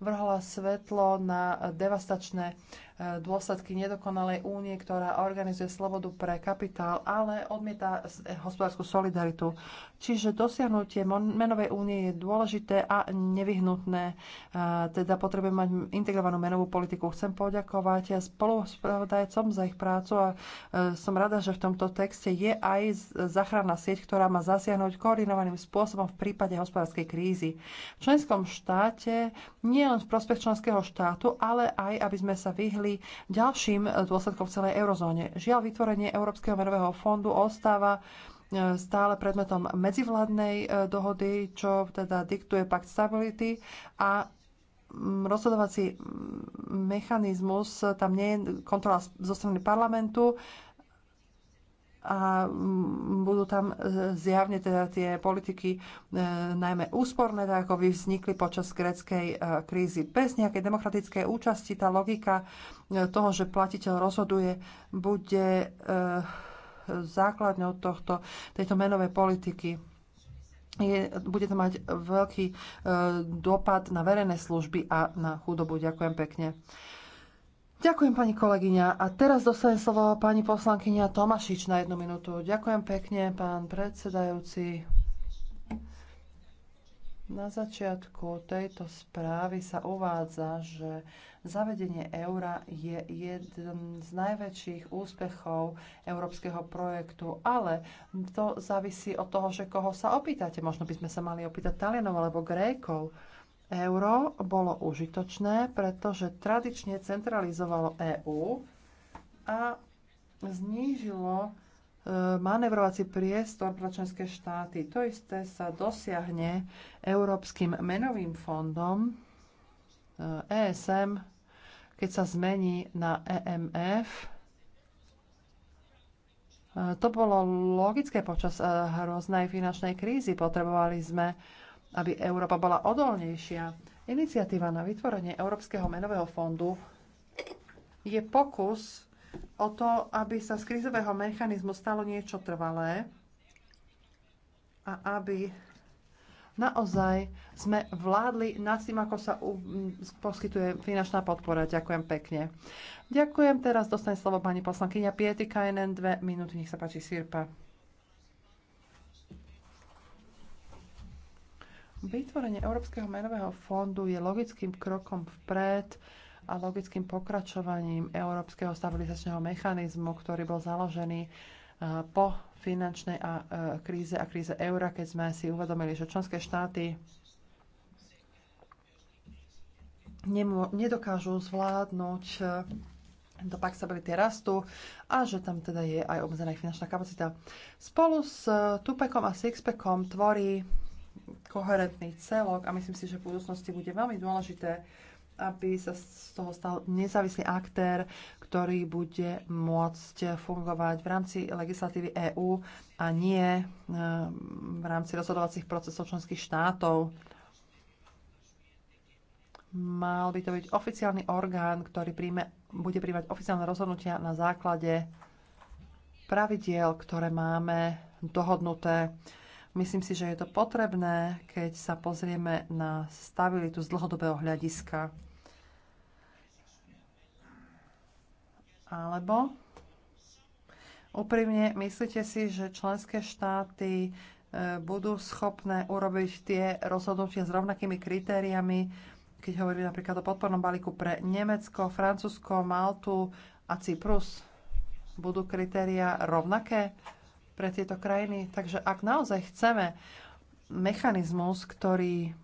C: vrhla svetlo na devastačné dôsledky nedokonalej únie, ktorá organizuje slobodu pre kapitál, ale odmieta hospodárskú solidaritu. Čiže dosiahnutie menovej únie je dôležité a nevyhnutné. Teda potrebujeme mať integrovanú menovú politiku. Chcem poďakovať spoluspravodajcom za ich prácu a e, som rada, že v tomto texte je aj zachranná sieť, ktorá má zasiahnuť koordinovaným spôsobom v prípade hospodárskej krízy. V členskom štáte nie len v prospech členského štátu, ale aj aby sme sa vyhli mohli ďalším dôsledkom v celej eurozóne. Žiaľ, vytvorenie Európskeho menového fondu ostáva e, stále predmetom medzivládnej e, dohody, čo teda diktuje Pakt Stability a rozhodovací mechanizmus, e, tam nie je kontrola zo strany parlamentu a mm, budú tam e, zjavne teda tie politiky e, najmä úsporné, tak ako by vznikli počas greckej e, krízy. Bez nejakej demokratickej účasti tá logika toho, že platiteľ rozhoduje, bude základňou tohto, tejto menovej politiky. Je, bude to mať veľký dopad na verejné služby a na chudobu. Ďakujem pekne. Ďakujem, pani kolegyňa. A teraz dostanem slovo pani poslankyňa Tomašič na jednu minútu. Ďakujem pekne, pán predsedajúci. Na začiatku tejto správy sa uvádza, že zavedenie eura je jeden z najväčších úspechov európskeho projektu, ale to závisí od toho, že koho sa opýtate. Možno by sme sa mali opýtať Talianov alebo Grékov Euro bolo užitočné, pretože tradične centralizovalo EÚ a znížilo e, manevrovací priestor pre členské štáty. To isté sa dosiahne Európskym menovým fondom ESM, e keď sa zmení na EMF. E, to bolo logické počas hroznej finančnej krízy. Potrebovali sme aby Európa bola odolnejšia. Iniciatíva na vytvorenie Európskeho menového fondu je pokus o to, aby sa z krízového mechanizmu stalo niečo trvalé a aby naozaj sme vládli nad tým, ako sa poskytuje finančná podpora. Ďakujem pekne. Ďakujem. Teraz dostane slovo pani poslankyňa Piety Kajnen. Dve minúty. Nech sa páči, Sirpa. Vytvorenie Európskeho menového fondu je logickým krokom vpred a logickým pokračovaním Európskeho stabilizačného mechanizmu, ktorý bol založený e, po finančnej a, e, kríze a kríze eura, keď sme si uvedomili, že členské štáty nedokážu zvládnuť e, do pak stability rastu a že tam teda je aj obmedzená finančná kapacita. Spolu s Tupekom a Sixpekom tvorí koherentný celok a myslím si, že v budúcnosti bude veľmi dôležité, aby sa z toho stal nezávislý aktér, ktorý bude môcť fungovať v rámci legislatívy EÚ a nie eh, v rámci rozhodovacích procesov členských štátov. Mal by to byť oficiálny orgán, ktorý príjme, bude príjmať oficiálne rozhodnutia na základe pravidiel, ktoré máme dohodnuté Myslím si, že je to potrebné, keď sa pozrieme na stabilitu z dlhodobého hľadiska. Alebo úprimne myslíte si, že členské štáty e, budú schopné urobiť tie rozhodnutia s rovnakými kritériami, keď hovoríme napríklad o podpornom balíku pre Nemecko, Francúzsko, Maltu a Cyprus. Budú kritéria rovnaké? pre tieto krajiny. Takže ak naozaj chceme mechanizmus, ktorý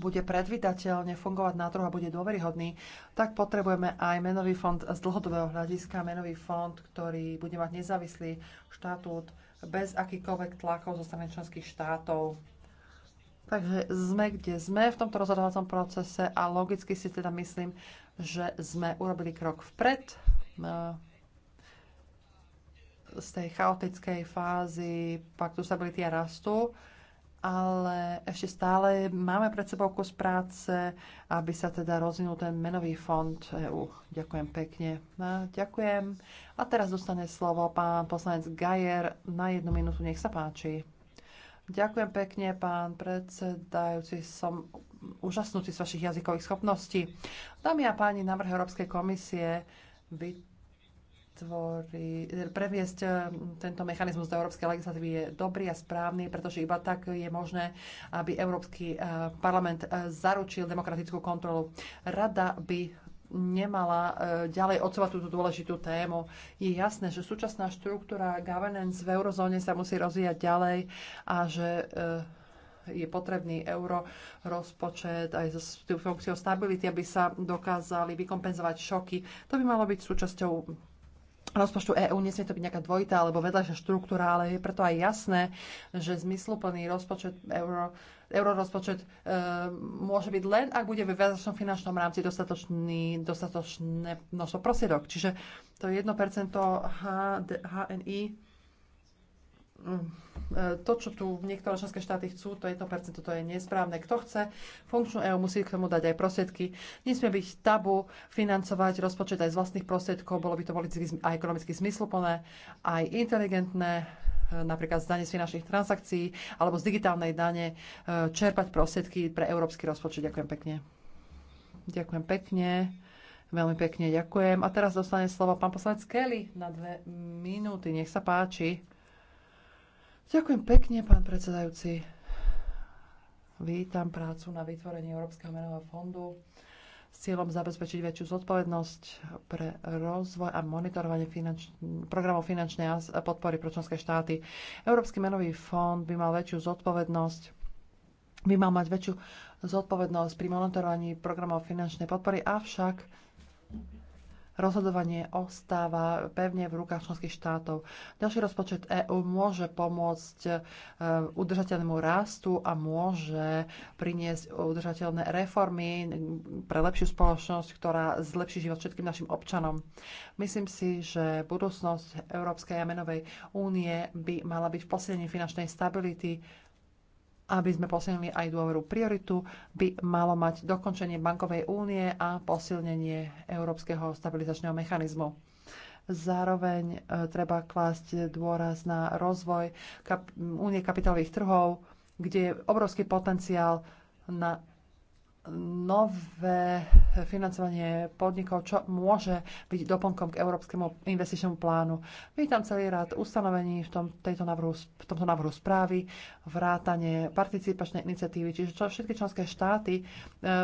C: bude predvydateľne fungovať na trhu a bude dôveryhodný, tak potrebujeme aj menový fond z dlhodobého hľadiska, menový fond, ktorý bude mať nezávislý štatút bez akýkoľvek tlakov zo strany členských štátov. Takže sme, kde sme v tomto rozhodovacom procese a logicky si teda myslím, že sme urobili krok vpred z tej chaotickej fázy paktu stability a rastu, ale ešte stále máme pred sebou kus práce, aby sa teda rozvinul ten menový fond EU. Ďakujem pekne. No, ďakujem. A teraz dostane slovo pán poslanec Gajer. Na jednu minútu nech sa páči. Ďakujem pekne, pán predsedajúci. Som úžasnutý z vašich jazykových schopností. Dámy a páni, návrh Európskej komisie vy tvorí, previesť e, tento mechanizmus do európskej legislatívy je dobrý a správny, pretože iba tak je možné, aby Európsky e, parlament e, zaručil demokratickú kontrolu. Rada by nemala ďalej odsovať túto dôležitú tému. Je jasné, že súčasná štruktúra governance v eurozóne sa musí rozvíjať ďalej a že je potrebný euro rozpočet aj s funkciou stability, aby sa dokázali vykompenzovať šoky. To by malo byť súčasťou rozpočtu EÚ nesmie to byť nejaká dvojitá alebo vedľajšia štruktúra, ale je preto aj jasné, že zmysluplný rozpočet euro, eurorozpočet e, môže byť len, ak bude v väzačnom finančnom rámci dostatočný, dostatočné množstvo prosiedok. Čiže to 1% HD, HNI to, čo tu niektoré členské štáty chcú, to 1%, to je nesprávne. Kto chce funkčnú EÚ, musí k tomu dať aj prostriedky. Nesmie byť tabu financovať rozpočet aj z vlastných prostriedkov, bolo by to politicky a ekonomicky zmysluplné, aj inteligentné, e, napríklad z dane z finančných transakcií alebo z digitálnej dane e, čerpať prostriedky pre európsky rozpočet. Ďakujem pekne. Ďakujem pekne. Veľmi pekne ďakujem. A teraz dostane slovo pán poslanec Kelly na dve minúty. Nech sa páči. Ďakujem pekne, pán predsedajúci. Vítam prácu na vytvorení Európskeho menového fondu s cieľom zabezpečiť väčšiu zodpovednosť pre rozvoj a monitorovanie finanč... programov finančnej podpory pro členské štáty. Európsky menový fond by mal väčšiu zodpovednosť by mal mať väčšiu zodpovednosť pri monitorovaní programov finančnej podpory, avšak rozhodovanie ostáva pevne v rukách členských štátov. Ďalší rozpočet EÚ môže pomôcť e, udržateľnému rastu a môže priniesť udržateľné reformy pre lepšiu spoločnosť, ktorá zlepší život všetkým našim občanom. Myslím si, že budúcnosť Európskej a menovej únie by mala byť v posilnení finančnej stability aby sme posilnili aj dôveru. Prioritu by malo mať dokončenie bankovej únie a posilnenie Európskeho stabilizačného mechanizmu. Zároveň e, treba klásť dôraz na rozvoj kap- únie kapitálových trhov, kde je obrovský potenciál na nové financovanie podnikov, čo môže byť doplnkom k Európskemu investičnému plánu. Vítam celý rád ustanovení v, tom, tejto navrhu, v tomto návrhu správy, vrátanie participačnej iniciatívy, čiže čo, všetky členské štáty e,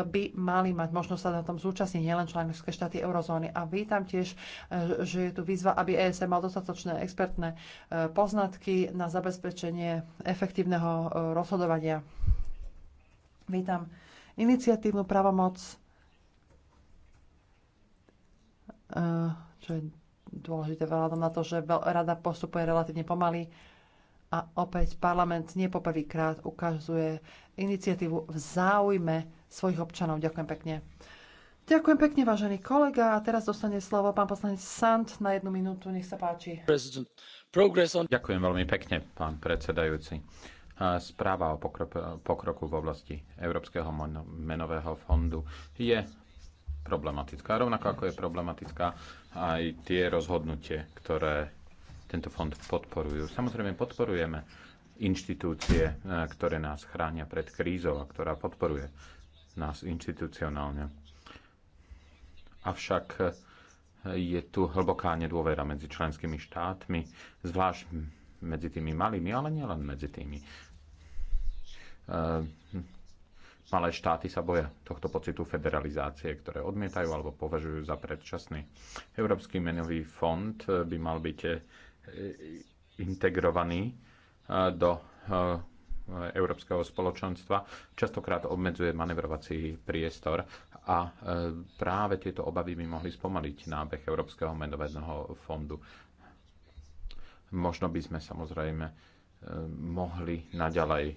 C: by mali mať možnosť sa na tom zúčastniť, nielen členské štáty eurozóny. A vítam tiež, e, že je tu výzva, aby ESM mal dostatočné expertné e, poznatky na zabezpečenie efektívneho rozhodovania. Vítam iniciatívnu pravomoc, e, čo je dôležité vzhľadom na to, že rada postupuje relatívne pomaly a opäť parlament nepoprvýkrát ukazuje iniciatívu v záujme svojich občanov. Ďakujem pekne. Ďakujem pekne, vážený kolega. A teraz dostane slovo pán poslanec Sant na jednu minútu. Nech sa páči.
B: Ďakujem veľmi pekne, pán predsedajúci správa o pokroku v oblasti Európskeho menového fondu je problematická. Rovnako ako je problematická aj tie rozhodnutie, ktoré tento fond podporujú. Samozrejme, podporujeme inštitúcie, e, ktoré nás chránia pred krízou a ktorá podporuje nás inštitucionálne. Avšak e, je tu hlboká nedôvera medzi členskými štátmi, zvlášť medzi tými malými, ale nielen medzi tými Eh, malé štáty sa boja tohto pocitu federalizácie, ktoré odmietajú alebo považujú za predčasný. Európsky menový fond eh, by mal byť eh, integrovaný do Európskeho spoločenstva častokrát obmedzuje manevrovací priestor a práve tieto obavy by mohli spomaliť nábeh Európskeho menového fondu. Možno by sme samozrejme mohli naďalej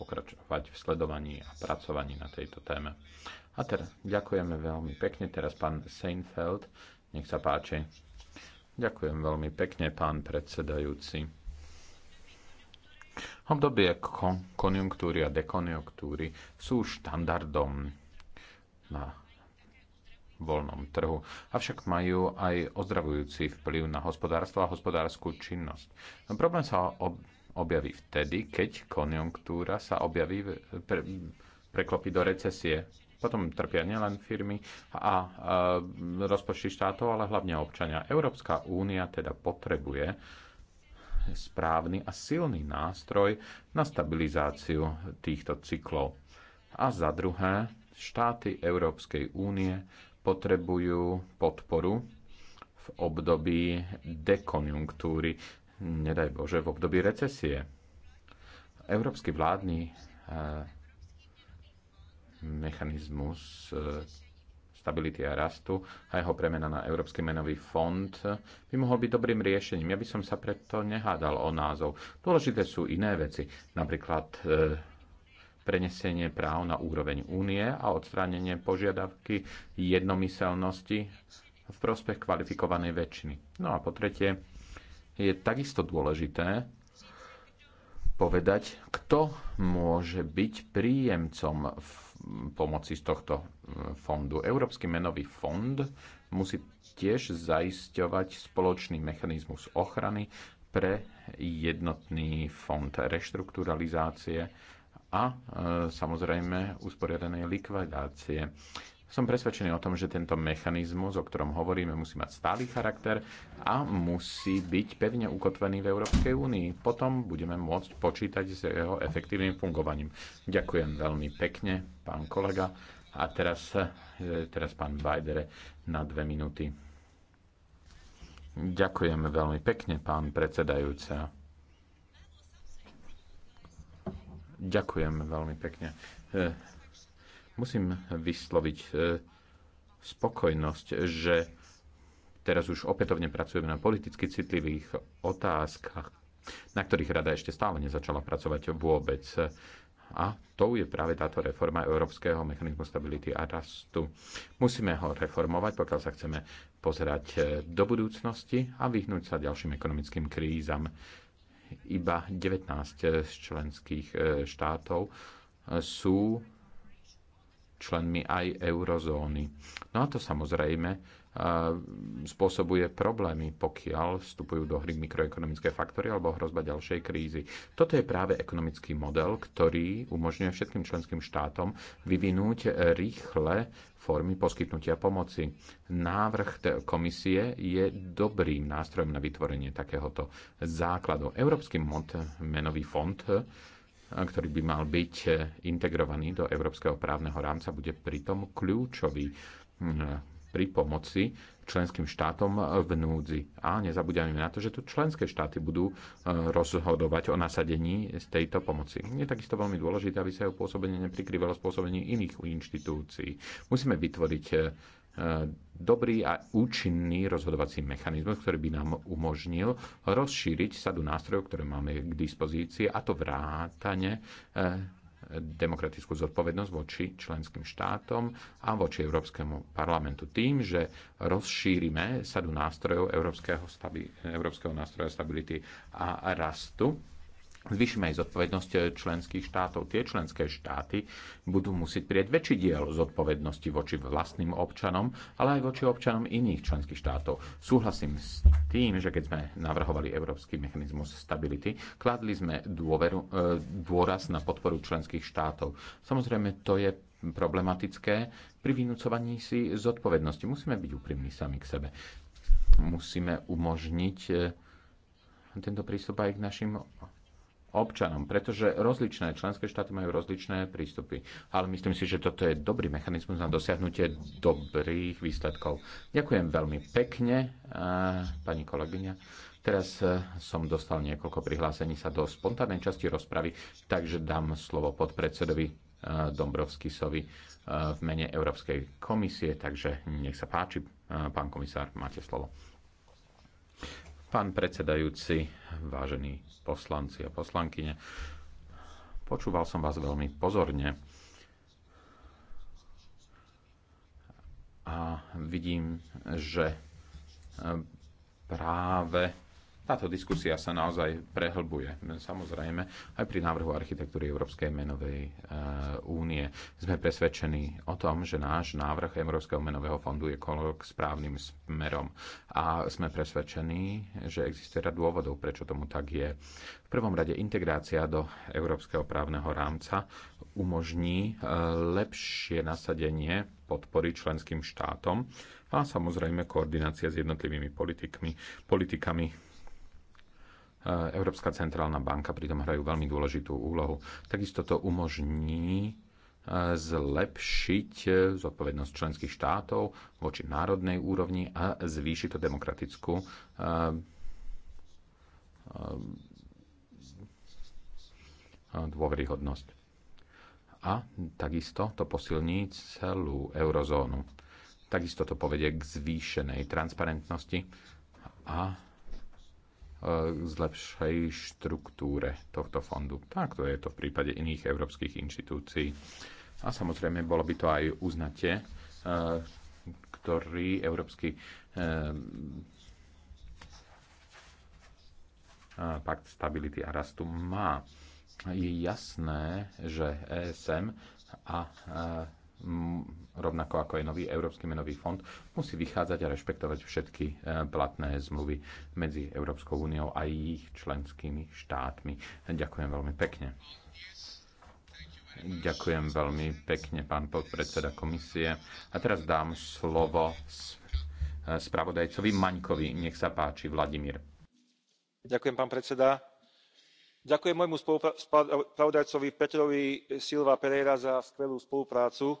B: pokračovať v sledovaní a pracovaní na tejto téme. A teraz ďakujeme veľmi pekne. Teraz pán Seinfeld, nech sa páči. Ďakujem veľmi pekne, pán predsedajúci. Obdobie konjunktúry a dekonjunktúry sú štandardom na voľnom trhu, avšak majú aj ozdravujúci vplyv na hospodárstvo a hospodárskú činnosť. Problém sa ob- objaví vtedy, keď konjunktúra sa objaví, pre, preklopí do recesie. Potom trpia nielen firmy a, a rozpočty štátov, ale hlavne občania. Európska únia teda potrebuje správny a silný nástroj na stabilizáciu týchto cyklov. A za druhé, štáty Európskej únie potrebujú podporu v období dekonjunktúry nedaj Bože, v období recesie. Európsky vládny eh, mechanizmus eh, stability a rastu a jeho premena na Európsky menový fond eh, by mohol byť dobrým riešením. Ja by som sa preto nehádal o názov. Dôležité sú iné veci, napríklad prenesenie práv na úroveň únie a odstránenie požiadavky jednomyselnosti v prospech kvalifikovanej väčšiny. No a po tretie, je takisto dôležité povedať, kto môže byť príjemcom pomoci z tohto e, fondu. Európsky menový fond musí tiež zaisťovať spoločný mechanizmus ochrany pre jednotný fond reštrukturalizácie a e, samozrejme usporiadanej likvidácie. Som presvedčený o tom, že tento mechanizmus, o ktorom hovoríme, musí mať stály charakter a musí byť pevne ukotvený v Európskej únii. Potom budeme môcť počítať s jeho efektívnym fungovaním. Ďakujem veľmi pekne, pán kolega. A teraz, e, teraz pán Bajdere na dve minúty. Ďakujem veľmi pekne, pán predsedajúca. Ďakujem veľmi pekne e, Musím vysloviť e, spokojnosť, že teraz už opätovne pracujeme na politicky citlivých otázkach, na ktorých rada ešte stále nezačala pracovať vôbec. A to je práve táto reforma Európskeho mechanizmu stability a rastu. Musíme ho reformovať, pokiaľ sa chceme pozerať e, do budúcnosti a vyhnúť sa ďalším ekonomickým krízam. Iba 19 e, z členských štátov sú členmi aj eurozóny. No a to samozrejme eh, spôsobuje problémy, pokiaľ vstupujú do hry mikroekonomické faktory alebo hrozba ďalšej krízy. Toto je práve ekonomický model, ktorý umožňuje všetkým členským štátom vyvinúť eh, rýchle formy poskytnutia pomoci. Návrh komisie je dobrým nástrojom na vytvorenie takéhoto základu. Európsky menový fond eh, ktorý by mal byť e, integrovaný do európskeho právneho rámca, bude pritom kľúčový pri pomoci členským štátom v núdzi. A nezabudajme na to, že tu členské štáty budú e, rozhodovať o nasadení z tejto pomoci. Je takisto veľmi dôležité, aby sa jeho pôsobenie neprikryvalo spôsobenie iných inštitúcií. Musíme vytvoriť e, E, dobrý a účinný rozhodovací mechanizmus, ktorý by nám umožnil rozšíriť sadu nástrojov, ktoré máme k dispozícii, a to vrátane e, demokratickú zodpovednosť voči členským štátom a voči Európskemu parlamentu tým, že rozšírime sadu nástrojov Európskeho, stabi- Európskeho nástroja stability a rastu Zvyšíme aj zodpovednosť eh, členských štátov. Tie členské štáty budú musieť prieť väčší diel zodpovednosti voči vlastným občanom, ale aj voči občanom iných členských štátov. Súhlasím s tým, že keď sme navrhovali Európsky mechanizmus stability, kladli sme dôveru, eh, dôraz na podporu členských štátov. Samozrejme, to je problematické pri vynúcovaní si zodpovednosti. Musíme byť úprimní sami k sebe. Musíme umožniť eh, tento prístup aj k našim občanom, pretože rozličné členské štáty majú rozličné prístupy. Ale myslím si, že toto je dobrý mechanizmus na dosiahnutie dobrých výsledkov. Ďakujem veľmi pekne, eh, pani kolegyňa. Teraz eh, som dostal niekoľko prihlásení sa do spontánnej časti rozpravy, takže dám slovo podpredsedovi eh, Dombrovskisovi v mene Európskej komisie, takže nech sa páči, pán komisár, máte slovo. Pán predsedajúci, vážení poslanci a poslankyne, počúval som vás veľmi pozorne a vidím, že práve táto diskusia sa naozaj prehlbuje. Samozrejme, aj pri návrhu architektúry Európskej menovej e, únie sme presvedčení o tom, že náš návrh Európskeho menového fondu je krok správnym smerom a sme presvedčení, že existuje rád dôvodov, prečo tomu tak je. V prvom rade integrácia do Európskeho právneho rámca umožní e, lepšie nasadenie podpory členským štátom a samozrejme koordinácia s jednotlivými politikmi, politikami Eh, Európska centrálna banka pritom hrajú veľmi dôležitú úlohu. Takisto to umožní eh, zlepšiť eh, zodpovednosť členských štátov voči národnej úrovni a zvýšiť to demokratickú dôveryhodnosť. A takisto to posilní celú eurozónu. Takisto to povedie k zvýšenej transparentnosti a Eh, z lepšej štruktúre tohto fondu. Takto je to v prípade iných európskych inštitúcií. A samozrejme, bolo by to aj uznatie, eh, ktorý Európsky eh, pakt stability a rastu má. Je jasné, že ESM a rovnako ako je nový Európsky menový fond, musí vychádzať a rešpektovať všetky e, platné zmluvy medzi Európskou úniou a ich členskými štátmi. Ďakujem veľmi pekne. Ďakujem veľmi pekne, pán podpredseda komisie. A teraz dám slovo e, spravodajcovi Maňkovi. Nech sa páči, Vladimír.
D: Ďakujem, pán predseda ďakujem môjmu spravodajcovi petrovi silva pereira za skvelú spoluprácu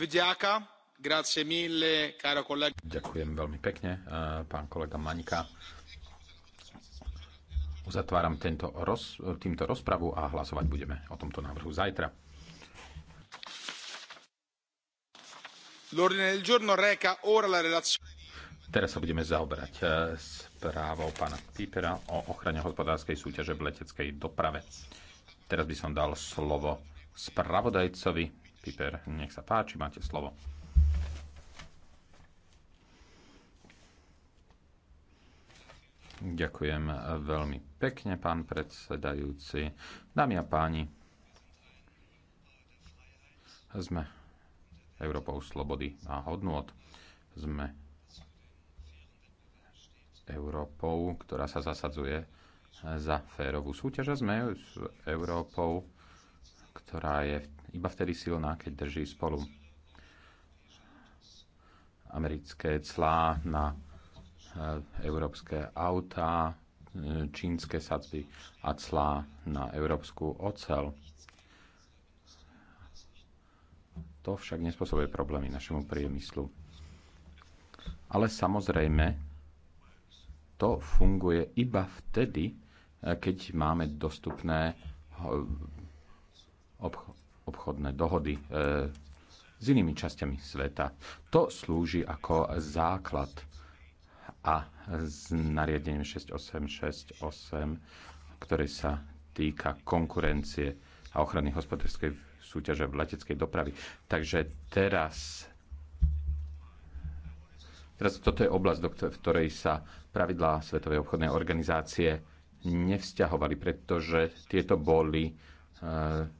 B: Ďakujem veľmi pekne, eh, pán kolega Maňka. Uzatváram tento roz, týmto rozpravu a hlasovať budeme o tomto návrhu zajtra. Teraz sa budeme zaoberať eh, správou pána Pípera o ochrane hospodárskej súťaže v leteckej doprave. Teraz by som dal slovo spravodajcovi Piper, nech sa páči, máte slovo. Ďakujem veľmi pekne, pán predsedajúci. Dámy a páni, sme Európou slobody a hodnot. Sme Európou, ktorá sa zasadzuje za férovú súťaž sme Európou, ktorá je v iba vtedy silná, keď drží spolu americké clá na eh, európske autá, eh, čínske sadzby a clá na európsku ocel. To však nespôsobuje problémy našemu priemyslu. Ale samozrejme, to funguje iba vtedy, eh, keď máme dostupné obchodné dohody e, s inými časťami sveta. To slúži ako základ a s nariadením 6868, ktoré sa týka konkurencie a ochrany hospodárskej súťaže v leteckej dopravy. Takže teraz Teraz toto je oblasť, v ktorej sa pravidlá Svetovej obchodnej organizácie nevzťahovali, pretože tieto boli e,